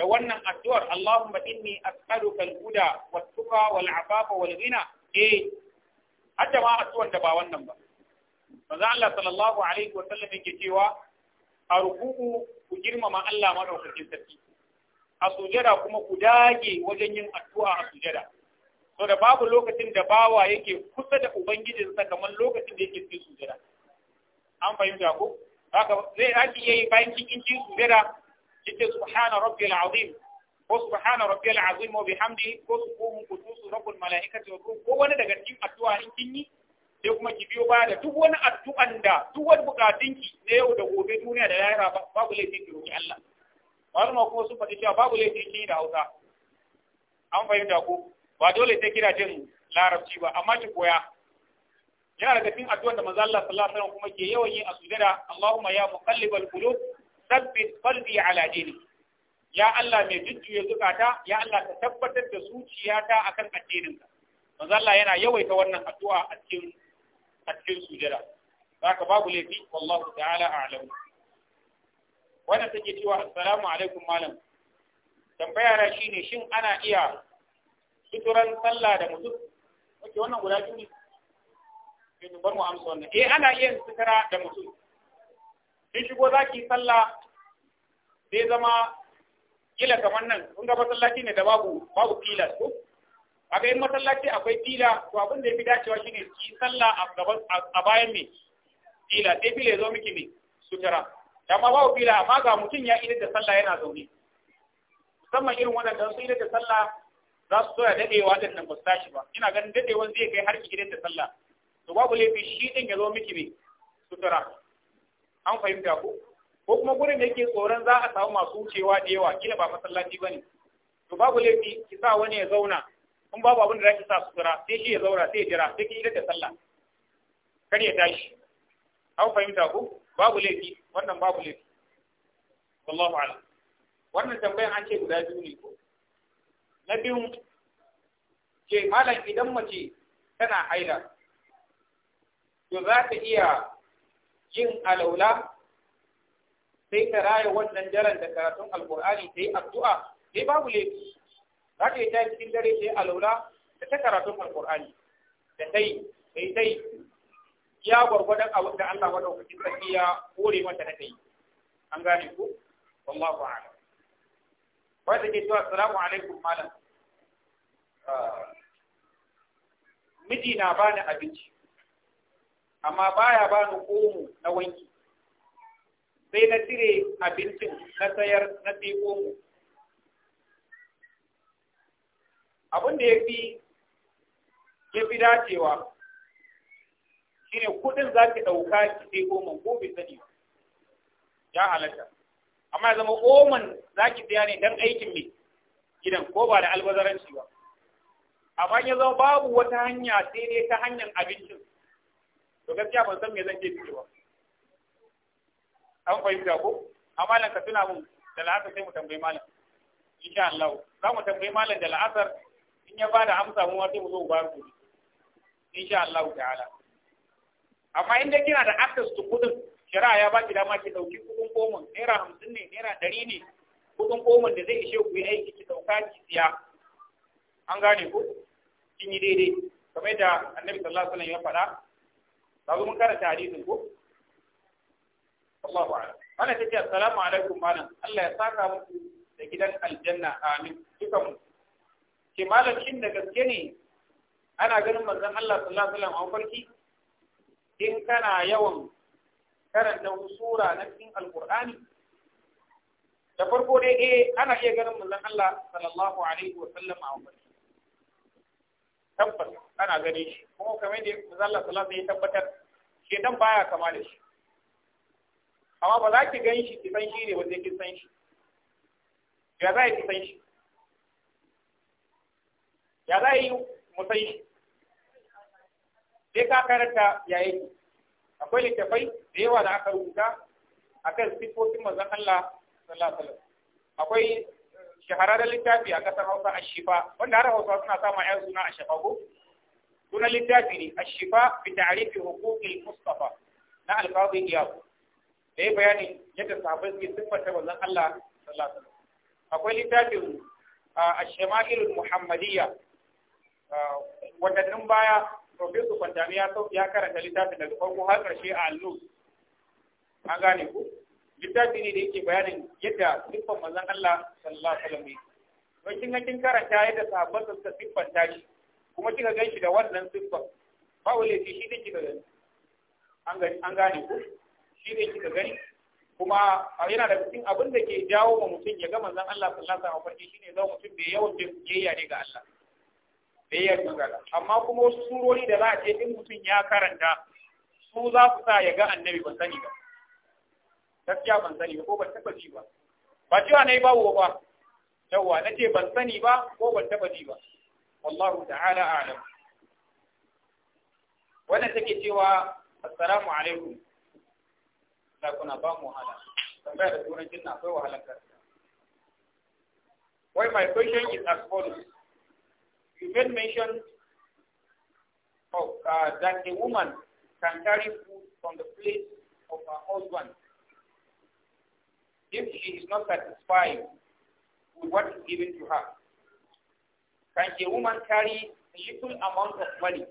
da wannan addu'ar Allahumma inni as'aluka al-huda was-tuqa wal-afafa wal-ghina eh hatta ma addu'ar da ba wannan ba manzo Allah sallallahu alaihi wa sallam yake cewa arku ku girmama Allah madaukakin sarki a sujada kuma ku dage wajen yin addu'a a sujada to da babu lokacin da bawa yake kusa da sa kamar lokacin da yake cikin sujada an fahimta ko haka zai aki yayi bayan cikin cikin sujada yace subhana rabbil azim ko subhana rabbil azim wa bihamdihi ko subhanahu qudus rabbul malaikati wa ko wani daga cikin addu'a in kin yi sai kuma ki biyo baya da duk wani addu'an da duk wani bukatunki na yau da gobe duniya da lahira babu laifi ki roki Allah malama kuma sun faɗi cewa babu laifin kin da Hausa an fahimta ko ba dole sai kina jin larabci ba amma ki koya yana daga cikin addu'ar da manzo Allah sallallahu alaihi wasallam kuma ke yawan yin a sujada Allahumma ya muqallibal qulub thabbit qalbi ala dini ya Allah mai jujjuya zukata ya Allah ka tabbatar da zuciyata akan addininka manzo Allah yana yawaita wannan addu'a a cikin a cikin sujada haka babu laifi wallahu ta'ala a'lamu wannan take cewa assalamu alaikum malam tambaya na shine shin ana iya suturan sallah da mutum wace wannan guda biyu ne sai bar mu amsa wannan eh ana iya sutura da mutum kin shigo zaki sallah sai zama kila kamar nan kun ga masallaci ne da babu babu kila ko kaga in masallaci akwai fila to abin da yafi dacewa shine ki sallah a gaban a bayan me fila sai fila ya zo miki ne sutura da ba wawo bila amma ga mutum ya idar da sallah yana zaune musamman irin waɗanda su yi da sallah za su soya dadewa da nan ba su tashi ba ina ganin daɗewan zai kai har idar da sallah to babu laifi shi din ya zo miki ne sutura an fahimta ko ko kuma gurin da yake tsoron za a samu masu wucewa da yawa kila ba masallaci ba ne to babu laifi ki sa wani ya zauna in babu abin da za ki sa sutura sai shi ya zauna sai ya jira sai ki idar da sallah kar ya tashi an fahimta ko babu laifi wannan babu laifi wallahu a'lam wannan tambayan an ce guda biyu ne ko na biyu ce malam idan mace tana haila to za ta iya yin alaula sai ta raya wannan daren da karatun alkur'ani ta yi addu'a sai eh, babu laifi za ta yi ta cikin dare ta yi alaula da ta karatun alkur'ani da ta yi ta yi ya gwargwadon abin da Allah madaukakin sarki ya kore mata na kai an gane ku wallahu a'lam wai da ke cewa assalamu alaikum malam ah, miji na bani abinci amma baya bani komo na wanki sai na cire abincin na sayar na sai komo abin da ya fi ya fi dacewa shine kuɗin za ki ɗauka ki sai ko bai sani ya halatta amma zama oman za ki tsaya ne dan aikin mai gidan ko ba da albazaranci ba amma ya zama babu wata hanya sai ne ta hanyar abincin to gaskiya ban san me zan ce ba an fahimta ko amma lan ka tuna mun da la'asar sai mu tambayi malam insha Allah za mu tambayi malam da la'asar in ya bada amsa mu ma mu zo ba ku insha Allah ta'ala amma in dai kina da access to kudin shari'a ya baki dama ki dauki kudin komon naira hamsin ne naira ɗari ne kudin komon da zai ishe ku yi aiki ki dauka ki siya an gane ku kin yi daidai kamar yadda annabi sallallahu alaihi wasallam ya faɗa ba mun karanta hadisin ku Allahu a'lam ana ta ce assalamu alaikum malam Allah ya saka muku da gidan aljanna amin duka mu ke malam shin da gaske ne ana ganin manzon Allah sallallahu alaihi wasallam a farki in kana yawan karanta sura na cikin alkur'ani da farko dai eh ana iya ganin manzon Allah sallallahu alaihi wa sallam a wani tabbas ana gane shi kuma kamar da manzon Allah sallallahu alaihi tabbatar shi dan baya kama da shi amma ba za ki gan shi ki san shi ne ba sai ki san shi ya za ki san shi ya za yi mu san shi sai ka karanta ya yake akwai littafai da yawa da aka rubuta a kan sifofin mazan Allah sallallahu akwai eh, shahararren littafi a kasar Hausa a shifa, wanda har Hausa suna sama ƴan suna shafa ko sunan littafi ne shifa bi ta'rifi huquqil Mustafa na al-Qadi Iyad da ya bayani yadda sahabbai suke siffanta manzon Allah sallallahu alaihi wasallam akwai littafin الشمائل ah, Muhammadiyya, ah, watannin baya Profesa Kwantami ya ya karanta littafin daga farko har ƙarshe a allo. An gane ku? Littafi ne da yake bayanin yadda siffan mazan Allah sallallahu alaihi wasallam yake. kin ga kin karanta yadda sahabban suka siffan shi kuma kika ganshi da wannan siffan. Ba wale shi ne kika gani. An gane ku? Shi ne kika gani. Kuma yana da cikin abin da ke jawo wa mutum ya ga manzon Allah sallallahu alaihi wasallam a farki shine zama mutum bai yawan biyayya ne ga Allah. da ya amma kuma wasu surori da za a ce in mutum ya karanta su za ku sa ya ga annabi ban sani ba gaskiya ban sani ba ko ban taba ji ba ba cewa nayi babu ba na ce ban sani ba ko ban taba ji ba wallahu ta'ala a'lam wannan take cewa assalamu alaikum da kuna ba mu hala tambaya da turanci na akwai wahalar karanta wai my question is as follows You mentioned mention uh, that a woman can carry food from the place of her husband if she is not satisfied with what is given to her. Can a woman carry a little amount of money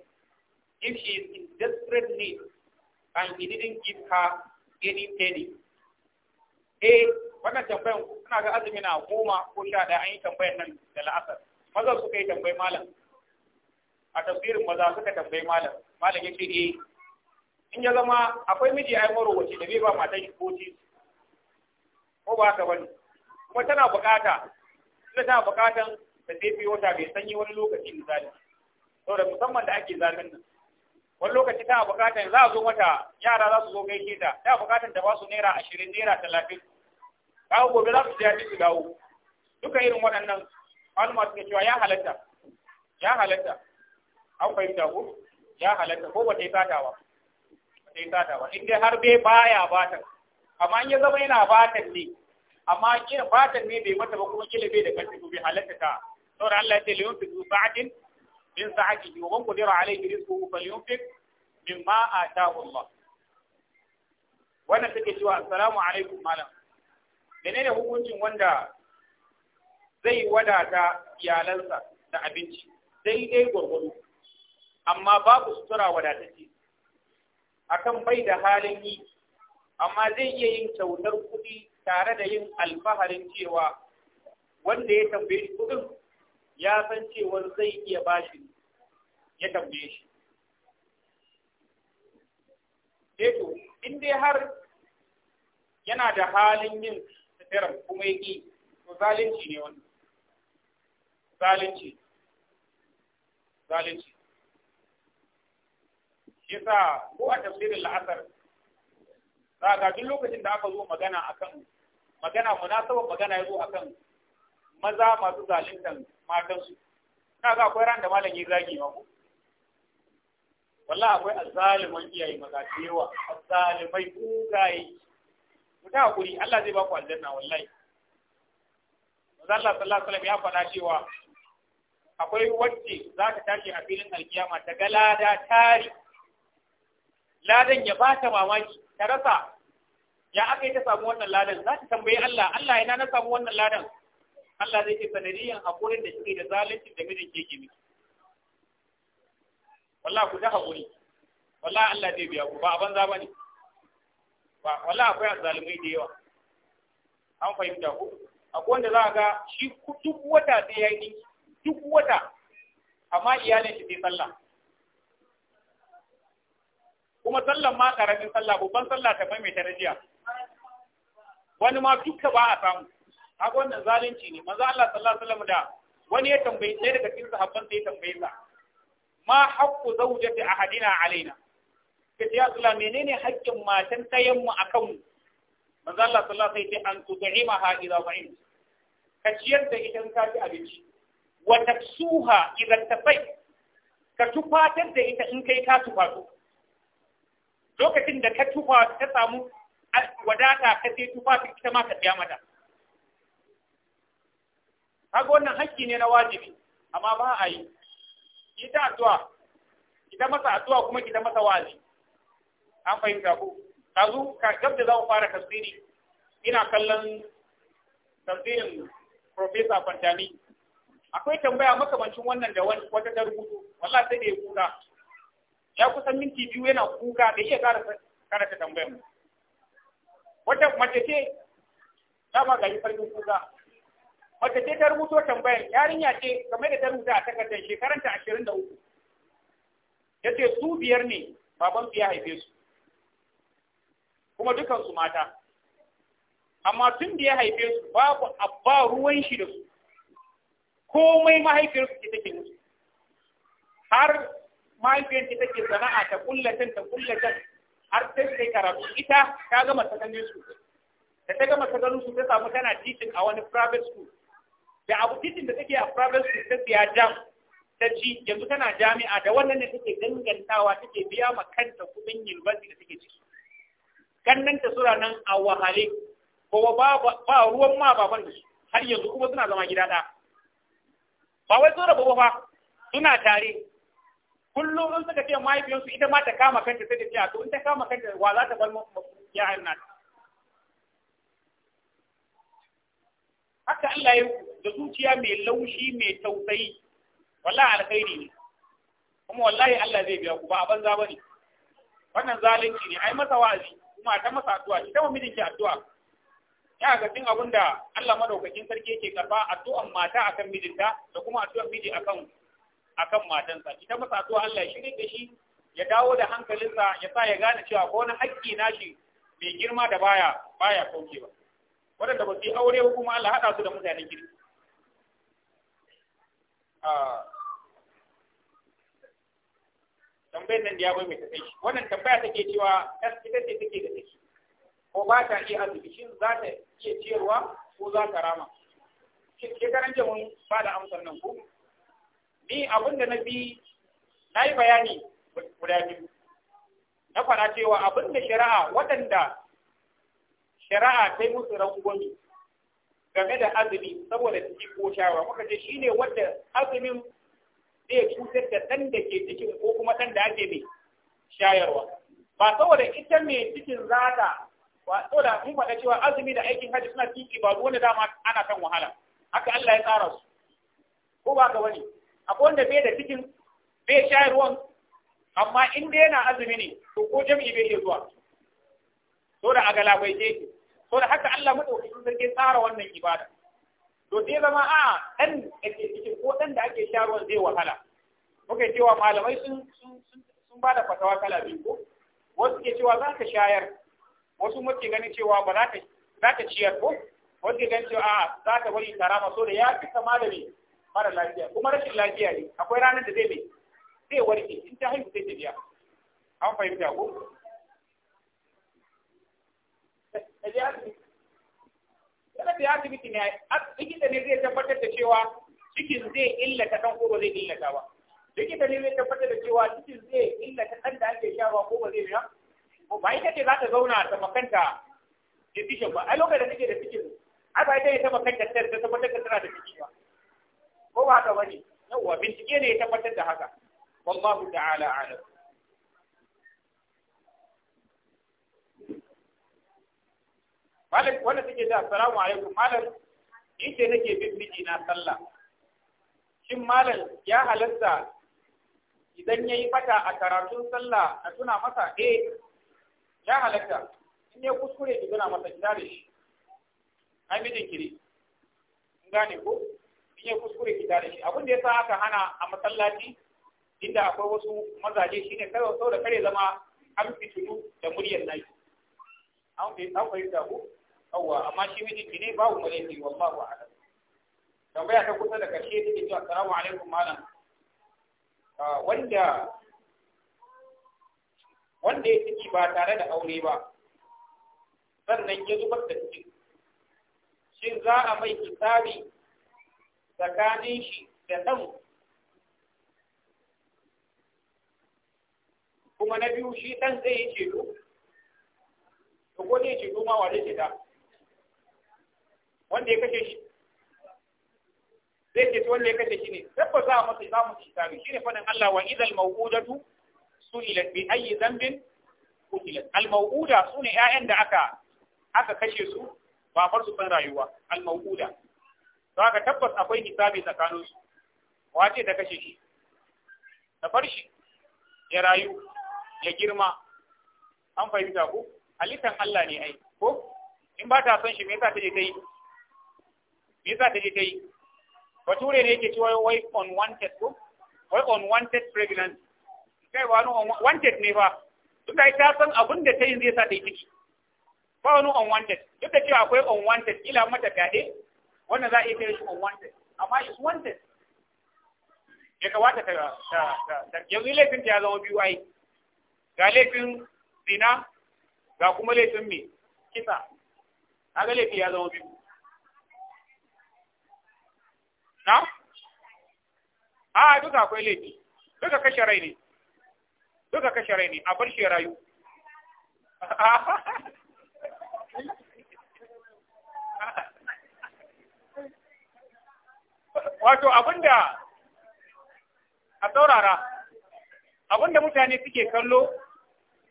if she is in desperate need and he didn't give her any penny? Eh, wannan tambayan kuna ga azumi na goma ko sha da an yi tambayan nan da la'asar. maza suka yi tambayi malam a tafsirin maza suka tambayi malam malam ya ce eh in ya zama akwai miji ai wace da bai ba matan shi ko ci ko ba ka bane kuma tana bukata ita tana bukatan ta fi wata bai sanyi wani lokaci misali saboda musamman da ake zafin nan wani lokaci tana bukatan za a zo mata yara za su zo gaishe ta tana bukatan ta ba su naira ashirin naira talatin kawo gobe za su je su dawo duka irin waɗannan alma suke cewa ya halatta ya halatta an fahimta ko ya halatta ko wata yi ba wata yi ba in dai har bai baya batan amma in ya zama yana batan ne amma kira batan ne bai mata ba kuma kila bai da kanti bai halatta ta saboda Allah ya ce liyun fi sa'atin min sa'atihi wa man qadira alayhi rizquhu falyunfiq mimma ataahu Allah wannan take cewa assalamu alaikum malam menene hukuncin wanda zai wadata iyalansa da abinci daidai gwargwado amma babu sutura wadatacce akan bai da halin yi amma zai iya yin kyautar kuɗi tare da yin alfaharin cewa wanda ya tambaye shi kuɗin ya san cewa zai iya bashi ya tambaye shi Eto, eh in dai har yana da halin yin sutura kuma ya to zalunci ne wani. zalunci zalunci yasa ko a tafsirin la'asar za ga duk lokacin da aka zo magana akan magana saba magana ya zo akan maza masu zaluntan matansu na ga akwai ran da malam ya zagi ma ku wallahi akwai azzaliman iyaye maza da yawa azzalimai kugaye ku ta hakuri Allah zai ba ku aljanna wallahi Manzo Allah sallallahu alaihi wasallam ya faɗa cewa akwai wacce za ta tashi a filin alkiyama ta ga lada tari ladan ya ba ta mamaki ta rasa ya aka yi ta samu wannan ladan za ta tambayi Allah Allah ina na samu wannan ladan Allah zai ce sanadiyan hakurin da suke da zalunci da mijin ke gini walla ku ta hakuri walla Allah zai biya ku ba a banza bane ba walla akwai azzalumai da yawa an fahimta ku akwai wanda za ga shi duk wata sai ya yi duk wata amma iyalin shi ne sallah kuma sallan ma karamin sallah babban sallah ta mai ta rajiya wani ma duka ba a samu haka wannan zalunci ne manzo Allah sallallahu alaihi wasallam da wani ya tambayi sai daga cikin sahabban sai ya tambaye sa ma haqqu zawjati ahadina alaina kace ya Allah menene haƙƙin matan tayan akan mu manzo Allah sallallahu alaihi wasallam sai an tud'imaha idza ba'in ka ciyar da ita in ka ci abinci wa taksuha idan tafai ka tufatar da ita in kai ka tufatu lokacin da ka tufa ta samu wadata ka sai tufafin ita ma ka biya mata kaga wannan hakki ne na wajibi amma ba a yi ita addu'a ita masa addu'a kuma ita masa wazi an fahimta ku kazu ka gab da za mu fara tafsiri ina kallon tafsirin professor Fantani akwai tambaya makamancin wannan da wata ta rubutu wallahi sai da ya kuka ya kusan minti biyu yana kuka da iya karanta tambayar mu wata mace ce ma gari farkin kuka mace ce ta rubuto tambayar yarinya ce game da ta rubuta a takardar shekaranta ashirin da uku ya ce su biyar ne baban su ya haife su kuma dukansu mata amma tun da ya haife su babu abba ruwan shi da su komai mahaifiyarsu ki take musu har mahaifiyar ki take sana'a ta kullatan ta kullatan har sai sai karatu ita ta gama secondary su, da ta gama secondary su ta samu tana titin a wani private school da abu titin da take a private school ta siya jam ta ci yanzu tana jami'a da wannan ne take dangantawa take biya ma kanta kuɗin university da take ciki ta sura nan a wahale ko ba ba ruwan ma baban da su har yanzu kuma suna zama gida ɗaya ba wai sun rabu ba suna tare kullum in suka ce mahaifiyarsu ita ma ta kama kanta sai da ce to in ta kama kanta wa za ta bar ya anna haka Allah ya da zuciya mai laushi mai tausayi wallahi alkhairi ne kuma wallahi Allah zai biya ku ba a banza bane wannan zalunci ne ai masa wa'azi kuma ta masa addu'a ita ma mijinki addu'a ta ga cin abin da Allah madaukakin sarki yake karba addu'an mata akan mijinta da kuma addu'an miji akan akan matansa ita masa addu'a Allah ya shirye da shi ya dawo da hankalinsa ya sa ya gane cewa ko wani haƙƙi nashi mai girma da baya baya kaukewa Wadanda ba su yi aure ba kuma Allah haɗa su da mutanen gidi tambayar nan da ya bai mai tafai wannan tambaya take cewa ita ce take da take ko ba ta iya azumi shin za ta iya ciyarwa ko za ta rama ke jiya mun ba da amsar nan ku ni abin da na bi na yi bayani guda biyu na faɗa cewa abin da shari'a waɗanda shari'a ta yi musu rangwami game da azumi saboda ciki ko shawa muka ce ne wanda azumin zai cutar da ɗan da ke cikin ko kuma ɗan da ake mai shayarwa ba saboda ita mai cikin za ta to da mun faɗa cewa azumi da aikin hajji suna cikin ba wanda dama ana kan wahala haka Allah ya tsara su ko ba ka bane akwai wanda bai da cikin bai shayarwan amma in dai yana azumi ne to ko jami'i bai iya zuwa to da agala bai ke to da haka Allah madaukakin sarki tsara wannan ibada to sai zama a dan ake cikin ko dan da ake shayarwan zai wahala muke cewa malamai sun sun sun bada fatawa kala biyu ko wasu ke cewa za ka shayar wasu mafi ganin cewa ba za ta ciyar ko wasu ganin cewa a za ta bari tara maso da ya fi kama da mara lafiya kuma rashin lafiya ne akwai ranar da zai mai zai warke in ta haihu sai ta biya an fahimta ko Yana da asibiti ne, likita ne zai tabbatar da cewa cikin zai illata ɗan ko ba zai illata ba. Likita ne zai tabbatar da cewa cikin zai illata ɗan da ake sharwa ko ba zai biya. ba ita ce za ta zauna ta makanta decision ba ai lokacin da take da cikin a ba ita yi ta makanta ta ta tabbatar da tana da ciki ba ko ba ta bane Yauwa, bincike ne ya tabbatar da haka wallahu ta'ala alam Malik wanda take da assalamu alaikum malam ni ce nake bin miji na sallah shin malam ya halatta idan yayi fata a karatun sallah a tuna masa eh ya halatta in ne kuskure ki gana masa gida da shi ai mijin kiri in gane ko in ya kuskure ki da shi abin da yasa aka hana a masallaci inda akwai wasu mazaje shine kai sau da kare zama an fitulu da muryar naki an bai an bai da ku awwa amma shi mijin ki ne babu malaiki wallahu a'lam tambaya ta kusa da karshe take cewa assalamu alaikum malam ah, wanda wanda ya ciki ba tare da aure ba sannan ya zubar da ciki shin za a mai kitabi tsakanin shi da ɗan kuma na biyu shi ɗan zai yi ceto to ko zai ceto ma wa zai ceta wanda ya kashe shi zai ce wanda ya kashe shi ne tabbata masa za mu hisabi shi ne faɗin Allah wa idal mawudatu su'ilat bi ayi zambin qutilat al-maw'uda sune ƴaƴan da aka aka kashe su ba far su san rayuwa al-maw'uda to aka tabbas akwai hisabi tsakanin su wace da kashe shi da far shi ya rayu ya girma an fahimta ko halittan Allah ne ai ko in ba ta son shi me yasa ta je ta yi me yasa ta je ta yi bature ne yake cewa wai unwanted ko wai unwanted pregnancy kai wani unwanted ne fa duk yi ta san abin da ta yi zai sa ta yi ciki ba wani unwanted duk da cewa akwai unwanted ila mata fyaɗe wannan za a iya kai shi unwanted amma is wanted ya kamata ta ta yanzu laifin ta ya zama biyu ai ga laifin zina ga kuma laifin me kisa kaga laifin ya zama biyu na a duka akwai laifi duka kashe rai ne suka kashe rai ne a bar shi rayu wato abinda a saurara abinda mutane suke kallo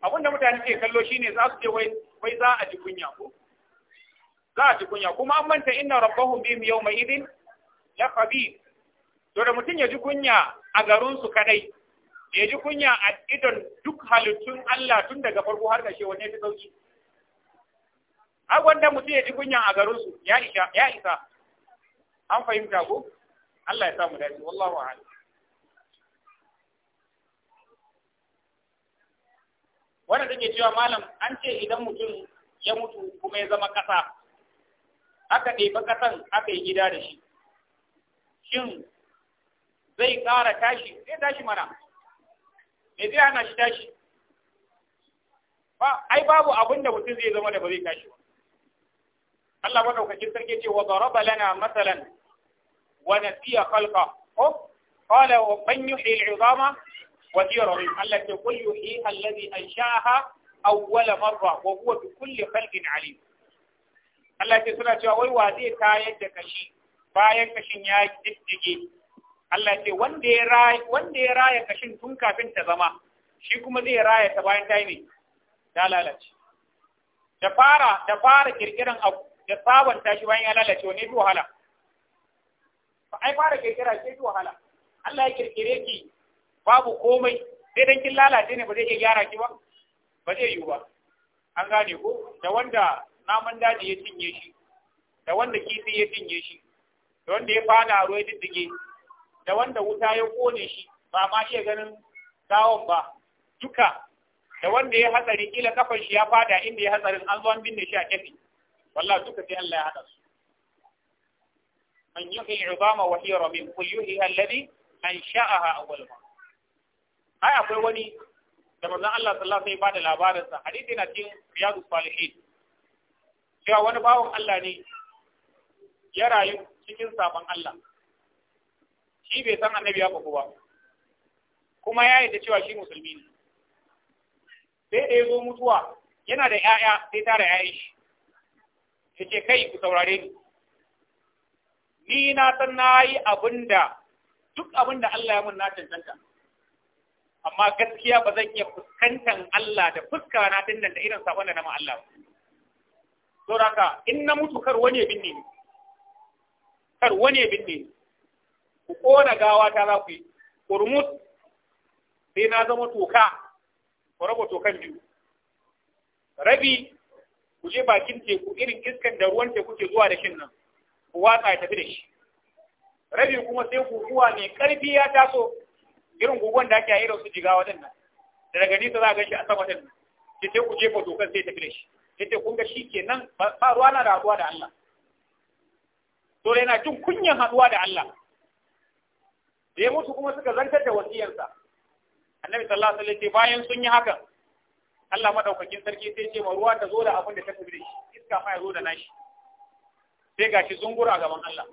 abinda mutane suke kallo shine za su je wai za a ji kunya ko za a ji kunya kuma an manta inna rabbahum bihim yawma idin la khabir to da mutun ya ji kunya a garin su kadai ya ji kunya a idon duk halittun Allah tun daga farko har ƙarshe wanne fi sauki A wanda mutum ya ji kunya a garin su ya isa ya isa an fahimta ko Allah ya sa mu dace wallahu a'lam wannan take cewa malam an ce idan mutum ya mutu kuma ya zama ƙasa aka ɗebi ƙasan aka yi gida da shi shin zai ƙara tashi zai tashi mana me zai hana shi tashi ba ai babu abin da mutum zai zama da ba zai tashi ba Allah madaukakin sarki ce wa daraba lana masalan wa nasiya khalqa ko qala wa man yuhyi al-'idama wa hiya rahim Allah ce qul yuhyi alladhi ansha'aha awwal marra wa huwa bi kulli khalqin 'alim Allah ce suna cewa wai wa zai tayar da kashi bayan kashin ya jijjige Allah ce wanda ya raya wanda ya raya kashin tun kafin ta zama shi kuma zai raya ta bayan ta ne ta lalace da fara da fara kirkiran abu da sabanta shi bayan ya lalace wani bi wahala ba ai fara kirkira ce bi wahala Allah ya kirkire ki babu komai sai don kin lalace ne ba zai iya gyara ki ba ba zai yiwu ba an gane ko da wanda naman daji ya cinye shi da wanda kifi ya cinye shi da wanda ya fada ruwa ya diddige da wanda wuta ya kone shi ba ma iya ganin gawon ba duka da wanda ya hatsari kila kafan shi ya fada inda ya hatsarin an zo an binne shi a kafi wallahi duka sai Allah ya hada su an yuhi izama wa hiya ramin kul yuhi alladhi ansha'aha awwal ma ai akwai wani da manzon Allah sallallahu alaihi wasallam ya bada labarin sa hadisi na cikin riyadu salihin cewa wani bawon Allah ne ya rayu cikin sabon Allah shi bai san annabi ya faku ba kuma ya yi da cewa shi musulmi ne sai da ya zo mutuwa yana da 'ya'ya sai tara 'ya'yan shi ya ce kai ku saurare ni ni na san na yi abin da duk abin da Allah ya mun na cancanta amma gaskiya ba zan iya fuskantar Allah da fuska na dinnan da irin sabon da na Allah ba saboda in na mutu kar wani ya binne ni kar wani ya binne ni ku kona gawa ta za ku yi kurmut sai na zama toka ku raba tokan biyu rabi ku je bakin teku irin iskan da ruwan teku ke zuwa da shin nan ku watsa ya tafi da shi rabi kuma sai guguwa mai karfi ya taso irin guguwan da ake a irin su jigawa din nan da daga nisa za a gan shi a sama din nan Ki sai ku jefa tokan sai tafi da shi sai sai kun ga shi kenan ba ruwa na rabuwa da Allah to na jin kunyan haduwa da Allah da ya mutu kuma suka zantar da wasiyarsa annabi sallallahu alaihi wasallam bayan sun yi hakan Allah madaukakin sarki sai ce ma ruwa ta zo da abin da ta tafi da shi iska ma ya zo da nashi sai gashi zungura gaban Allah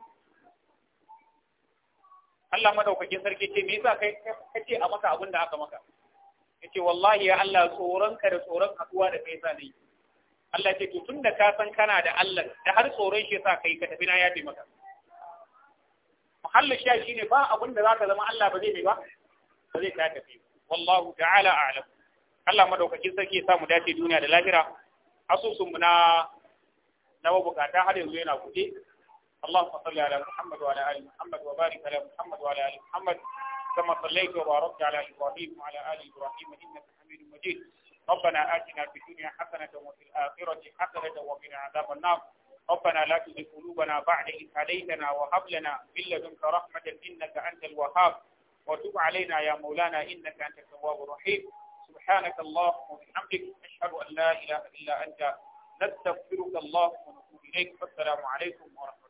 Allah madaukakin sarki ce me yasa kai kace a maka abin da aka maka yace wallahi ya Allah tsoron ka da tsoron haduwa da kai zalai Allah ya ce to tunda ka san kana da Allah da har tsoron shi sa kai ka tafi na yafi maka muhallu sha shine ba abin da zaka zama Allah ba zai mai ba ba zai ka tafi wallahu a'lam Allah madaukakin sarki ya mu dace duniya da lahira asusun mu na na har yanzu yana kuɗe اللهم صل على محمد وعلى ال محمد وبارك على محمد وعلى ال محمد كما صليت وباركت على ابراهيم وعلى ال ابراهيم انك حميد مجيد ربنا اتنا في الدنيا حسنه وفي الاخره حسنه وقنا عذاب النار ربنا لا تزغ قلوبنا بعد إذ هديتنا وهب لنا من لدنك رحمة إنك أنت الوهاب وتب علينا يا مولانا إنك أنت التواب الرحيم سبحانك اللهم وبحمدك أشهد أن لا إله إلا أنت نستغفرك اللهم ونتوب إليك والسلام عليكم ورحمة الله